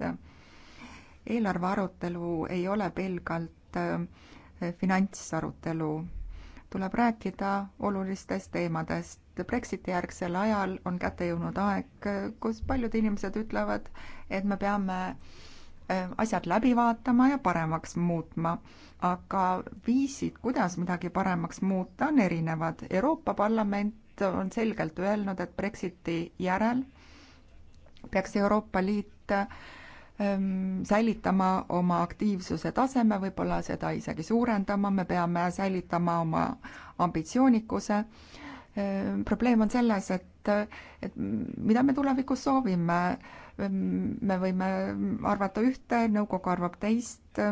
eelarve arutelu ei ole pelgalt äh, finantsarutelu, tuleb rääkida olulistest teemadest. Brexiti järgsel ajal on kätte jõudnud aeg, äh, kus paljud inimesed ütlevad, et me peame asjad läbi vaatama ja paremaks muutma. aga viisid, kuidas midagi paremaks muuta, on erinevad. Euroopa Parlament Liit on selgelt öelnud, et Brexiti järel peaks Euroopa Liit ähm, säilitama oma aktiivsuse taseme, võib-olla seda isegi suurendama, me peame säilitama oma ambitsioonikuse. Ähm, probleem on selles, et, et mida me tulevikus soovime. Ähm, me võime arvata ühte, nõukogu arvab teist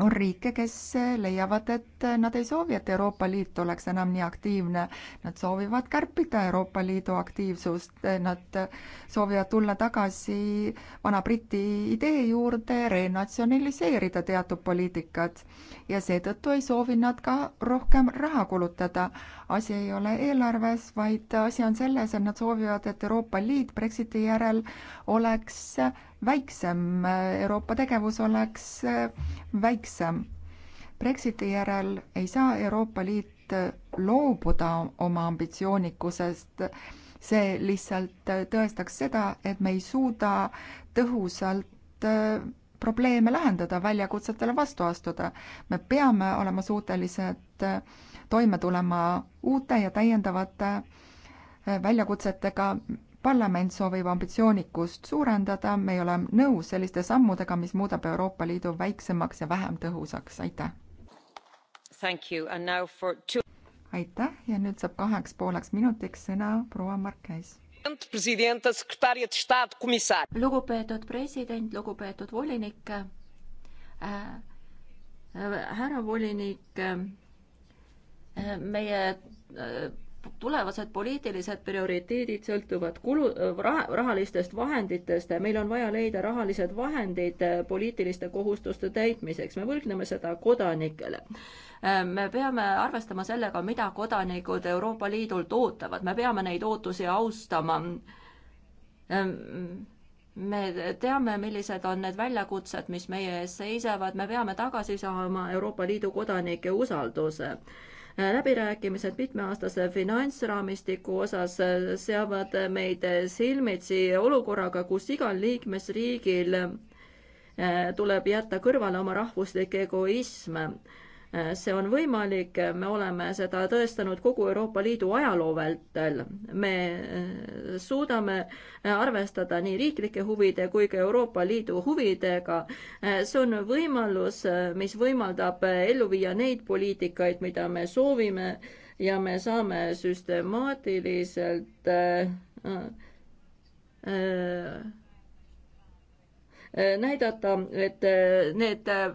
on riike, kes leiavad, et nad ei soovi, et Euroopa Liit oleks enam nii aktiivne. Nad soovivad kärpida Euroopa Liidu aktiivsust, nad soovivad tulla tagasi vana Briti idee juurde, renatsionaliseerida teatud poliitikat. ja seetõttu ei soovi nad ka rohkem raha kulutada asi ei ole eelarves, vaid asi on selles, et nad soovivad, et Euroopa Liit Brexiti järel oleks väiksem, Euroopa tegevus oleks väiksem. Brexiti järel ei saa Euroopa Liit loobuda oma ambitsioonikusest, see lihtsalt tõestaks seda, et me ei suuda tõhusalt äh, probleeme lahendada, väljakutsetele vastu astuda. me peame olema suutelised äh, toime tulema uute ja täiendavate äh, väljakutsetega. parlament soovib ambitsioonikust suurendada, me ei ole nõus selliste sammudega, mis muudab Euroopa Liidu väiksemaks ja vähem tõhusaks, aitäh. Two... aitäh ja nüüd saab kaheks pooleks minutiks sõna proua Marques. lugupeetud president, lugupeetud volinik äh,, äh härra volinik äh,, meie äh, tulevased poliitilised prioriteedid sõltuvad kulu, äh, rahalistest vahenditest, meil on vaja leida rahalised vahendid äh, poliitiliste kohustuste täitmiseks, me võlgneme seda kodanikele. me peame arvestama sellega, mida kodanikud Euroopa Liidult ootavad, me peame neid ootusi austama ähm, me teame, millised on need väljakutsed, mis meie ees seisavad, me peame tagasi saama Euroopa Liidu kodanike usalduse. Äh, läbirääkimised mitmeaastase finantsraamistiku osas äh, seavad meid äh, silmitsi olukorraga, kus igal liikmesriigil tuleb jätta kõrvale oma rahvuslik egoism see on võimalik, me oleme seda tõestanud kogu Euroopa Liidu ajaloo vältel. me eh, suudame eh, arvestada nii riiklike huvide kui ka Euroopa Liidu huvidega. Eh, see on võimalus, mis võimaldab ellu viia neid poliitikaid, mida me soovime ja me saame süstemaatiliselt äh, äh, näidata, et äh, need äh,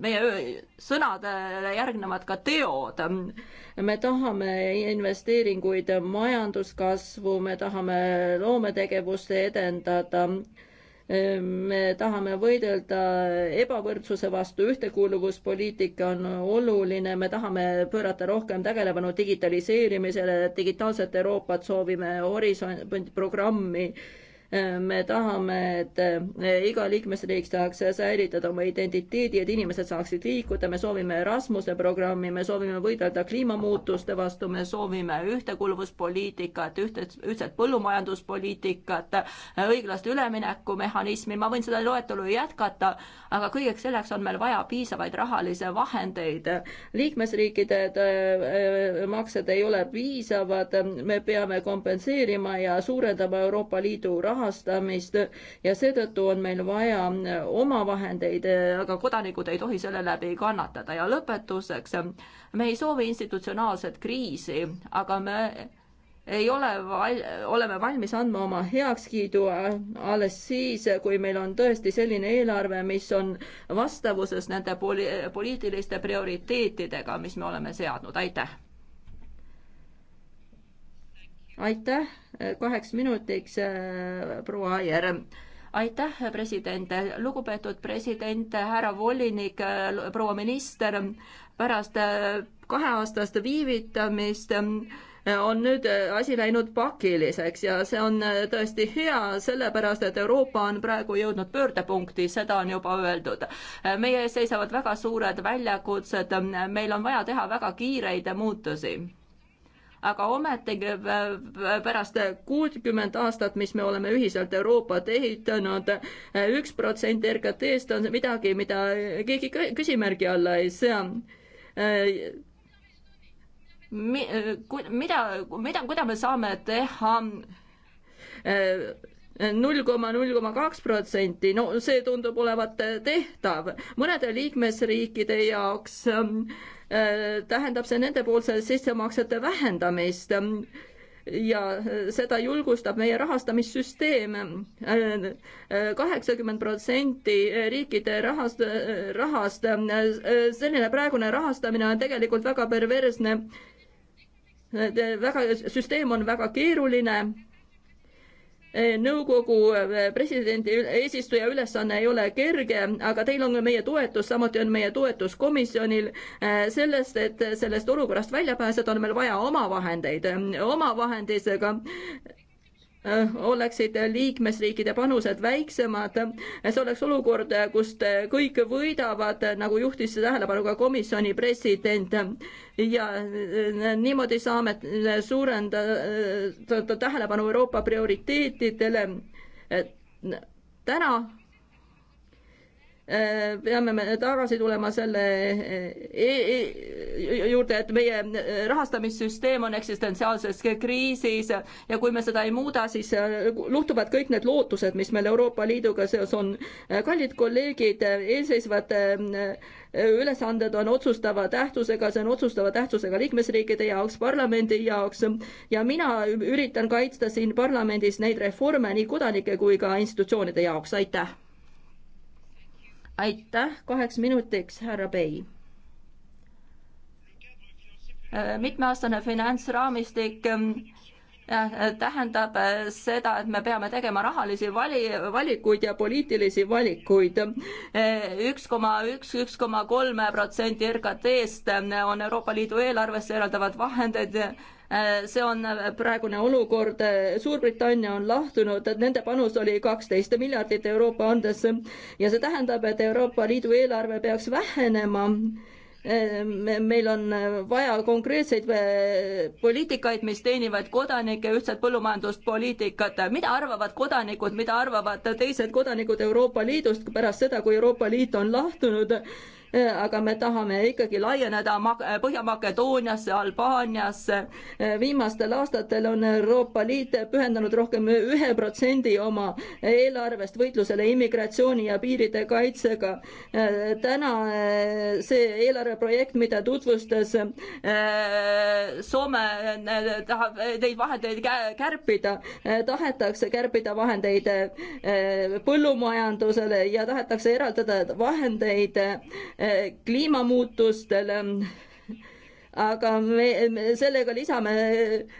meie sõnadele järgnevad ka teod. me tahame investeeringuid majanduskasvu, me tahame loometegevust edendada me tahame võidelda ebavõrdsuse vastu, ühtekuuluvuspoliitika on oluline, me tahame pöörata rohkem tähelepanu digitaliseerimisele, digitaalset Euroopat soovime, horisont programmi me tahame, et eh, iga liikmesriik saaks säilitada oma identiteedi, et inimesed saaksid liikuda, me soovime Erasmuse programmi, me soovime võidelda kliimamuutuste vastu, me soovime ühtekuuluvuspoliitikat, ühtet, ühtset põllumajanduspoliitikat, õiglast üleminekumehhanismi, ma võin seda loetelu jätkata, aga kõigeks selleks on meil vaja piisavaid rahalisi vahendeid. liikmesriikide eh, maksed ei ole piisavad, me peame kompenseerima ja suurendama Euroopa Liidu raha rahastamist ja seetõttu on meil vaja äh, omavahendeid, äh, aga kodanikud ei tohi selle läbi kannatada ja lõpetuseks, äh, me ei soovi institutsionaalset kriisi, aga me ei ole val-, oleme valmis andma oma heakskiidu alles siis, kui meil on tõesti selline eelarve, mis on vastavuses nende poli-, poliitiliste prioriteetidega, mis me oleme seadnud, aitäh! aitäh kaheks minutiks, äh, proua Aier aitäh, president, lugupeetud president, härra volinik, äh, proua minister, pärast äh, kaheaastast viivitamist on nüüd asi läinud pakiliseks ja see on tõesti hea, sellepärast et Euroopa on praegu jõudnud pöördepunkti, seda on juba öeldud. meie ees seisavad väga suured väljakutsed, meil on vaja teha väga kiireid muutusi aga ometigi pärast kuutkümmend aastat, mis me oleme ühiselt Euroopat ehitanud, üks protsent RKT-st on midagi, mida keegi küsimärgi alla ei sea mi-, ku-, mida, mida, kuida me saame teha null koma null koma kaks protsenti, no see tundub olevat tehtav. mõnede liikmesriikide jaoks Äh, tähendab see nendepoolse sissemaksete vähendamist ähm, ja äh, seda julgustab meie rahastamissüsteem. Äh, kaheksakümmend protsenti riikide rahast, rahast, selline praegune rahastamine on tegelikult väga perversne, väga, süsteem on väga keeruline Eh, nõukogu eh, presidendi eesistuja ülesanne ei ole kerge, aga teil on meie toetus, samuti on meie toetus komisjonil eh, sellest, et sellest olukorrast välja pääseda, on meil vaja omavahendeid, omavahendisega Äh, oleksid liikmesriikide panused väiksemad, äh, see oleks olukord, äh, kus kõik võidavad, nagu juhtis tähelepanu ka komisjoni president. ja niimoodi saame suurendada tähelepanu Euroopa prioriteetidele. täna Äh, peame me tagasi tulema selle äh, e e juurde, et meie äh, rahastamissüsteem on eksistentsiaalses kriisis ja kui me seda ei muuda, siis luhtuvad kõik need lootused, mis meil Euroopa Liiduga seos on. kallid kolleegid, eelseisvad ülesanded on otsustava tähtsusega, see on otsustava tähtsusega liikmesriikide jaoks, parlamendi jaoks ja mina üritan kaitsta siin parlamendis neid reforme nii kodanike kui ka institutsioonide jaoks, aitäh! aitäh, kaheks minutiks, härra Bey äh, mitmeaastane finantsraamistik ähm, äh, tähendab äh, seda, et me peame tegema rahalisi vali, valikuid ja poliitilisi valikuid. üks koma üks, üks koma kolme protsenti RKT-st on Euroopa Liidu eelarvesse eraldavad vahendid Äh, see on äh, praegune olukord, äh, Suurbritannia on lahtunud, nende panus oli kaksteist miljardit Euroopa andesse ja see tähendab, et Euroopa Liidu eelarve peaks vähenema meil on vaja konkreetseid poliitikaid, mis teenivad kodanikke, ühtset põllumajanduspoliitikat. mida arvavad kodanikud, mida arvavad teised kodanikud Euroopa Liidust pärast seda, kui Euroopa Liit on lahtunud? Äh, aga me tahame ikkagi laieneda äh, Põhja-Makedooniasse, Albaaniasse. Äh, viimastel aastatel on Euroopa Liit pühendanud rohkem ühe protsendi oma eelarvest võitlusele immigratsiooni ja piiride kaitsega. täna see eelarveprojekt, mida tutvustas Soome, tahab neid vahendeid kärpida, tahetakse kärpida vahendeid põllumajandusele ja tahetakse eraldada vahendeid Eh, kliimamuutustele aga me, me sellega lisame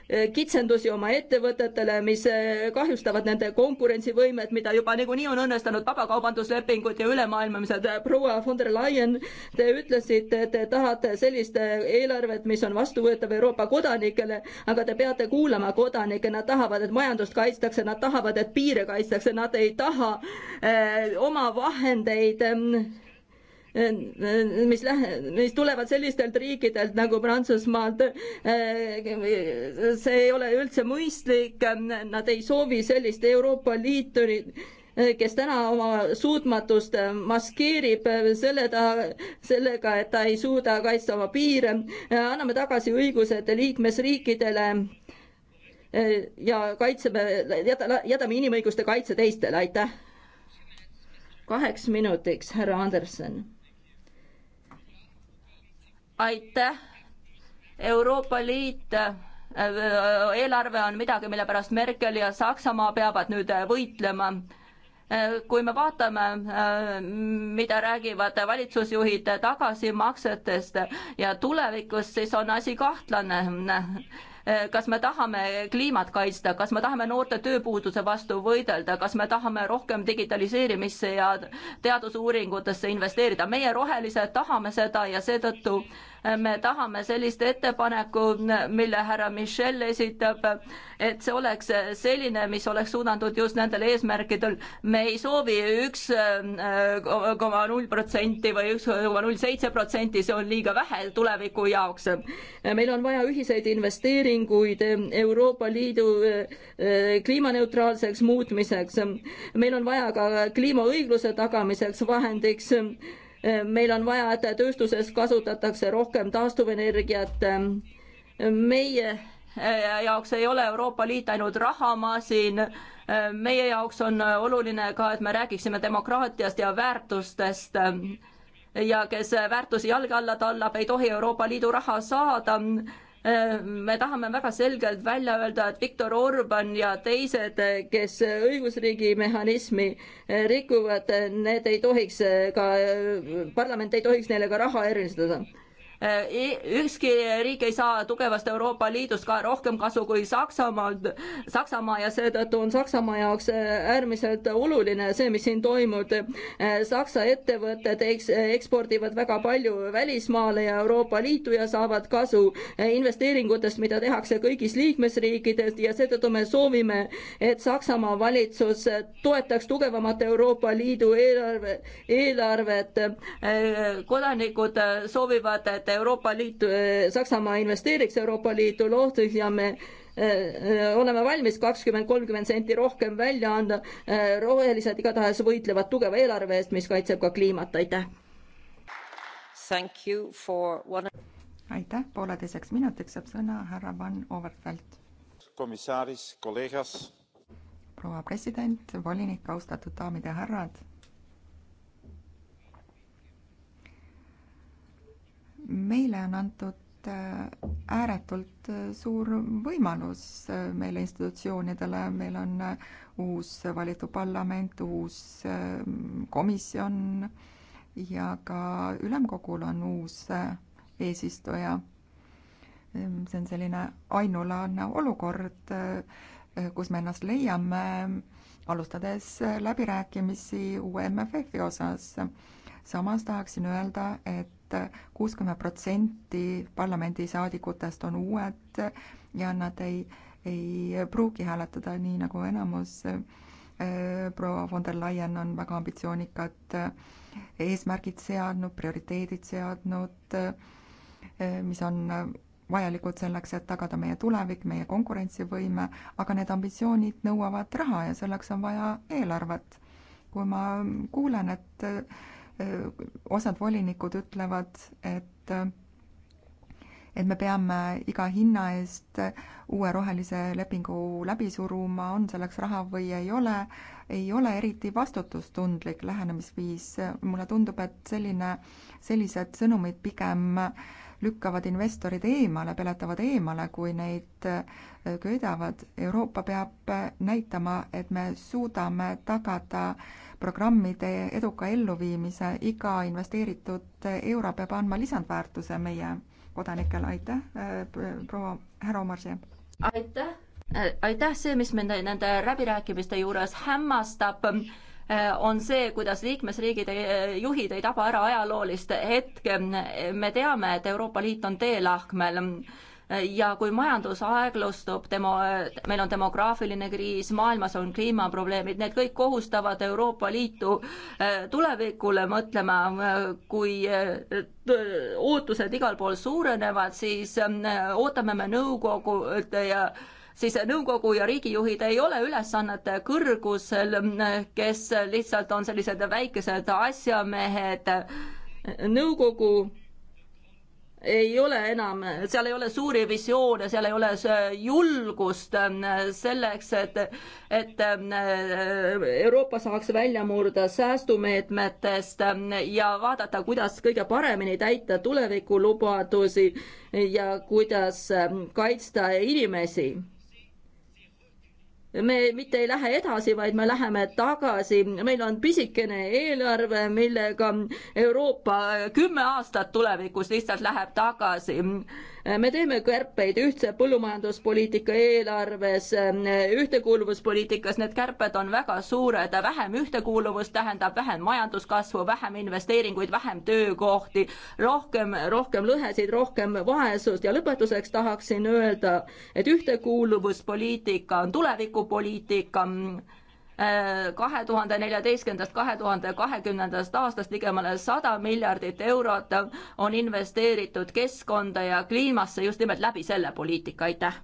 eh, kitsendusi oma ettevõtetele, mis eh, kahjustavad nende konkurentsivõimet, mida juba niikuinii on õnnestunud vabakaubanduslepingud ja ülemaailmamised. proua von der Leyen, te ütlesite, et te tahate sellist eelarvet, mis on vastuvõetav Euroopa kodanikele, aga te peate kuulama kodanikke, nad tahavad, et majandust kaitstakse, nad tahavad, et piire kaitstakse, nad ei taha eh, oma vahendeid eh, mis lähe-, mis tulevad sellistelt riikidelt nagu Prantsusmaalt, see ei ole üldse mõistlik, nad ei soovi sellist Euroopa Liitu, kes täna oma suutmatust maskeerib selle taha, sellega, et ta ei suuda kaitsta oma piire, anname tagasi õigused liikmesriikidele ja kaitseme, jätame inimõiguste kaitse teistele, aitäh! kaheks minutiks, härra Anderson aitäh, Euroopa Liit äh, eelarve on midagi, mille pärast Merkel ja Saksamaa peavad nüüd äh, võitlema. Äh, kui me vaatame, mida räägivad valitsusjuhid tagasimaksetest ja tulevikust, siis on asi kahtlane Äh, kas me tahame kliimat kaitsta, kas me tahame noorte tööpuuduse vastu võidelda, kas me tahame rohkem digitaliseerimisse ja teadusuuringutesse investeerida, meie rohelised tahame seda ja seetõttu äh, me tahame sellist ettepaneku, mille härra Michel esitab, et see oleks selline, mis oleks suunatud just nendel eesmärkidel. me ei soovi üks äh, koma null protsenti või üks koma null seitse protsenti, see on liiga vähe tuleviku jaoks. meil on vaja ühiseid investeeringuid Euroopa Liidu äh, kliimaneutraalseks muutmiseks. meil on vaja ka kliimaõigluse tagamiseks vahendiks meil on vaja, et tööstuses kasutatakse rohkem taastuvenergiat. meie äh, jaoks ei ole Euroopa Liit ainult rahamasin, äh, meie jaoks on oluline ka, et me räägiksime demokraatiast ja väärtustest ja kes väärtusi jalge alla tallab, ei tohi Euroopa Liidu raha saada me tahame väga selgelt välja öelda, et Viktor Orban ja teised, kes õigusriigi mehhanismi rikuvad, need ei tohiks ka, parlament ei tohiks neile ka raha eristada Äh, e-, ükski riik ei saa tugevast Euroopa Liidust ka rohkem kasu kui Saksamaal, Saksamaa ja seetõttu on Saksamaa jaoks äh, äärmiselt oluline see, mis siin toimub. Äh, Saksa ettevõtted eks-, ekspordivad väga palju välismaale ja Euroopa Liitu ja saavad kasu investeeringutest, mida tehakse kõigis liikmesriikides ja seetõttu me soovime, et Saksamaa valitsus toetaks tugevamat Euroopa Liidu eelarve, eelarvet. kodanikud soovivad, et Euroopa Liit, eh, Saksamaa investeeriks Euroopa Liitu lohtu ja me eh, eh, oleme valmis kakskümmend, kolmkümmend senti rohkem välja anda. rohelised igatahes võitlevad tugeva eelarve eest, mis kaitseb ka kliimat, aitäh. One... aitäh, pooleteiseks minutiks saab sõna härra Van Overfeld. komissaris, kolleegas. proua president, volinik, austatud daamid ja härrad meile on antud äh, ääretult äh, suur võimalus äh, meile institutsioonidele, meil on uus valitud parlament, uus komisjon ja ka ülemkogul on uus eesistuja. Ehm, see on selline ainulaadne olukord, kus me ennast leiame, alustades läbirääkimisi uue MFF-i osas. samas tahaksin öelda, et et kuuskümmend protsenti parlamendisaadikutest on uued ja nad ei, ei pruugi hääletada nii, nagu enamus. Äh, proua von der Leyen on väga ambitsioonikad äh, eesmärgid seadnud, prioriteedid seadnud, äh, mis on vajalikud selleks, et tagada meie tulevik, meie konkurentsivõime, aga need ambitsioonid nõuavad raha ja selleks on vaja eelarvet. kui ma kuulen, et osad volinikud ütlevad, et et me peame iga hinna eest uue rohelise lepingu läbi suruma, on selleks raha või ei ole, ei ole eriti vastutustundlik lähenemisviis. mulle tundub, et selline, sellised sõnumid pigem äh, lükkavad investorid eemale, peletavad eemale, kui neid äh, köidavad. Euroopa peab äh, näitama, et me suudame tagada programmide eduka elluviimise, iga investeeritud äh, euro peab andma lisandväärtuse meie kodanikele, aitäh proua härra Omarsi! aitäh! aitäh, see, mis mind nende läbirääkimiste juures hämmastab, Äh, on see, kuidas liikmesriigid, äh, juhid ei taba ära ajaloolist hetke. me teame, et Euroopa Liit on teelahkmel ja kui majandus aeglustub, demo, meil on demograafiline kriis, maailmas on kliimaprobleemid, need kõik kohustavad Euroopa Liitu äh, tulevikule mõtlema, kui ootused igal pool suurenevad, siis ootame me nõukogult ja siis nõukogu ja riigijuhid ei ole ülesannete kõrgusel, kes lihtsalt on sellised väikesed asjamehed. nõukogu ei ole enam, seal ei ole suuri visioone, seal ei ole julgust selleks, et, et Euroopa saaks välja murda säästumeetmetest ja vaadata, kuidas kõige paremini täita tulevikulubadusi ja kuidas kaitsta inimesi me mitte ei lähe edasi, vaid me läheme tagasi. meil on pisikene eelarve, millega Euroopa kümme aastat tulevikus lihtsalt läheb tagasi Äh, me teeme kärpeid ühtse põllumajanduspoliitika eelarves, äh, ühtekuuluvuspoliitikas, need kärped on väga suured, vähem ühtekuuluvust tähendab vähem majanduskasvu, vähem investeeringuid, vähem töökohti, rohkem, rohkem lõhesid, rohkem vaesust ja lõpetuseks tahaksin öelda, et ühtekuuluvuspoliitika on tulevikupoliitika, kahe tuhande neljateistkümnendast, kahe tuhande kahekümnendast aastast ligemale sada miljardit eurot on investeeritud keskkonda ja kliimasse just nimelt läbi selle poliitika, aitäh.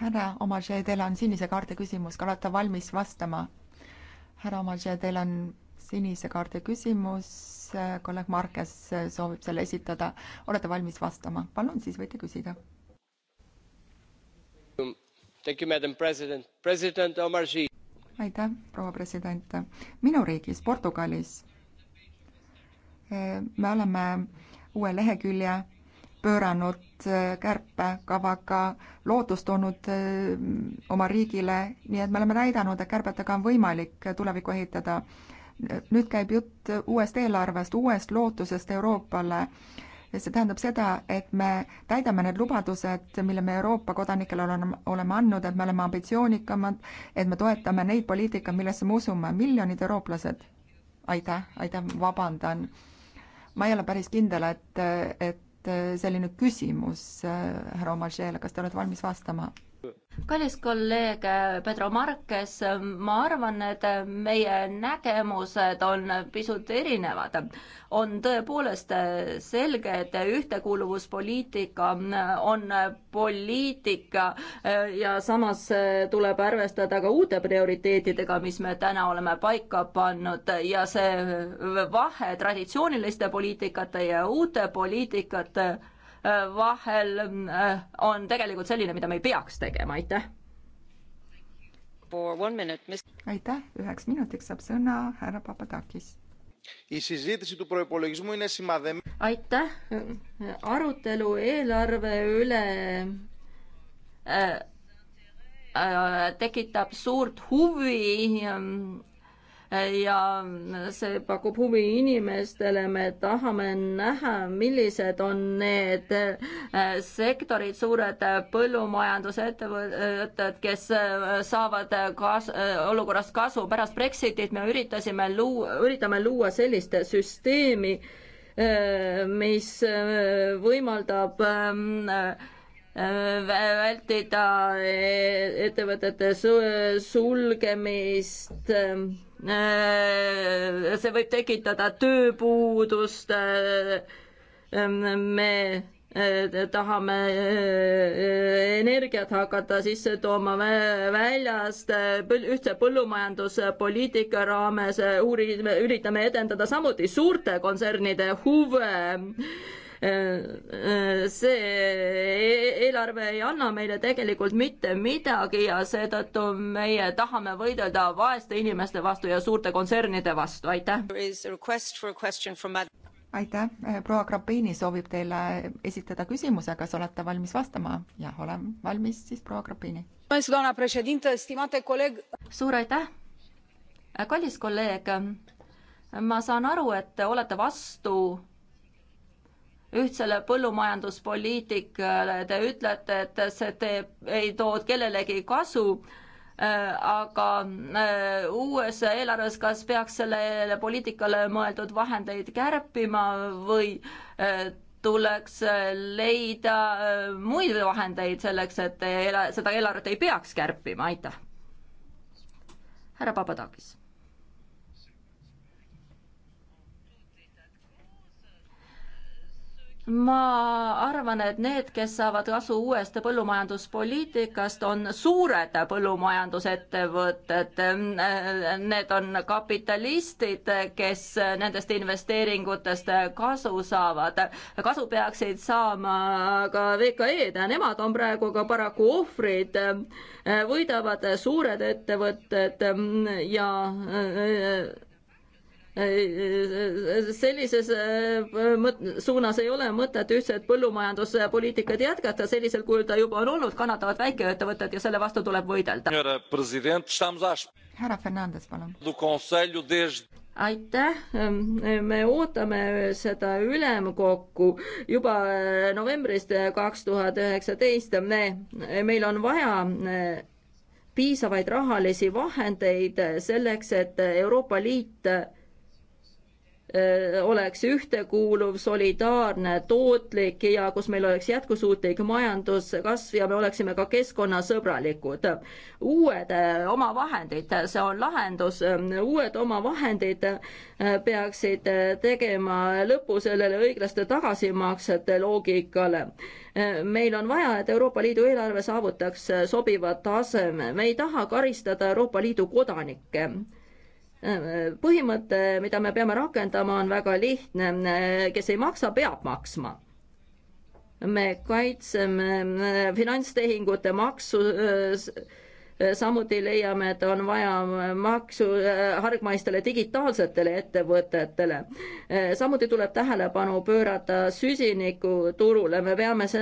härra Omaže, teil on sinise kaardi küsimus, kas olete valmis vastama? härra Omaže, teil on sinise kaardi küsimus, kolleeg Markes soovib selle esitada. olete valmis vastama? palun, siis võite küsida aitäh, proua president. minu riigis, Portugalis, eh, me oleme uue lehekülje pööranud eh, kärpekavaga, lootust toonud eh, oma riigile, nii et me oleme näidanud, et kärbetega on võimalik tulevikku ehitada. nüüd käib jutt uuest eelarvest, uuest lootusest Euroopale see tähendab seda, et me täidame need lubadused, mille me Euroopa kodanikele oleme, oleme andnud, et me oleme ambitsioonikamad, et me toetame neid poliitikaid, millesse me usume, miljonid eurooplased. aitäh, aitäh, vabandan. ma ei ole päris kindel, et, et selline küsimus äh, härra Omažele, kas te olete valmis vastama? kallis kolleeg äh, Pedro Marques, ähm, ma arvan, et äh, meie nägemused on pisut erinevad. on tõepoolest äh, selge, et ühtekuuluvuspoliitika on poliitika ja samas tuleb arvestada ka uute prioriteetidega, mis me täna oleme paika pannud ja see vahe traditsiooniliste poliitikate ja uute poliitikate vahel äh, on tegelikult selline, mida me ei peaks tegema, aitäh. aitäh, üheks minutiks saab sõna härra Papadakis Η συζήτηση του προϋπολογισμού είναι σημαδεμένη. Aitäh! Arutelu eelarve üle äh, äh, tekitab suurt huvi ähm, ja see pakub huvi inimestele, me tahame näha, millised on need äh, sektorid, suured äh, põllumajandusettevõtted, kes äh, saavad kas-, olukorrast kasu. pärast Brexitit me üritasime luua, üritame luua sellist süsteemi, mis võimaldab ähm, Äh, vältida äh, ettevõtete sulgemist. Äh, see võib tekitada tööpuudust. me tahame energiat hakata sisse tooma väljast ühtse põllumajanduspoliitika raames, uurime, üritame edendada samuti suurte kontsernide huve Äh, äh, see eelarve ei anna meile tegelikult mitte midagi ja seetõttu meie tahame võidelda vaeste inimeste vastu ja suurte kontsernide vastu, aitäh. aitäh, äh, proua Grapini soovib teile esitada küsimuse, kas olete valmis vastama? jah, olen valmis, siis proua Grapini. suur aitäh, kallis kolleeg, ma saan aru, et olete vastu ühtsele põllumajanduspoliitikale, te ütlete, et see teeb, ei too kellelegi kasu, äh, aga äh, uues eelarves, kas peaks sellele poliitikale mõeldud vahendeid kärpima või äh, tuleks leida muid vahendeid selleks, et ela, seda eelarvet ei peaks kärpima, aitäh. härra Papadakis ma arvan, et need, kes saavad kasu uuest põllumajanduspoliitikast, on suured põllumajandusettevõtted. Need on kapitalistid, kes nendest investeeringutest kasu saavad. kasu peaksid saama ka VKE-d ja nemad on praegu ka paraku ohvrid. võidavad suured ettevõtted ja sellises äh, mõt-, suunas ei ole mõtet ühtset põllumajanduspoliitikat jätkata, sellisel kujul ta juba on olnud, kannatavad väikeettevõtted ja selle vastu tuleb võidelda. härra Fernandes, palun. aitäh, me ootame seda ülemkokku juba novembrist kaks tuhat üheksateist, me, meil on vaja äh, piisavaid rahalisi vahendeid selleks, et Euroopa Liit oleks ühtekuuluv, solidaarne, tootlik ja kus meil oleks jätkusuutlik majanduskasv ja me oleksime ka keskkonnasõbralikud. uued omavahendid, see on lahendus, uued omavahendid peaksid tegema lõpu sellele õiglaste tagasimaksete loogikale. meil on vaja, et Euroopa Liidu eelarve saavutaks sobiva taseme, me ei taha karistada Euroopa Liidu kodanikke põhimõte, mida me peame rakendama, on väga lihtne, kes ei maksa, peab maksma me kaitseme finantstehingute maksu, samuti leiame, et on vaja maksu hargmaistele digitaalsetele ettevõtetele. samuti tuleb tähelepanu pöörata süsinikuturule, me peame see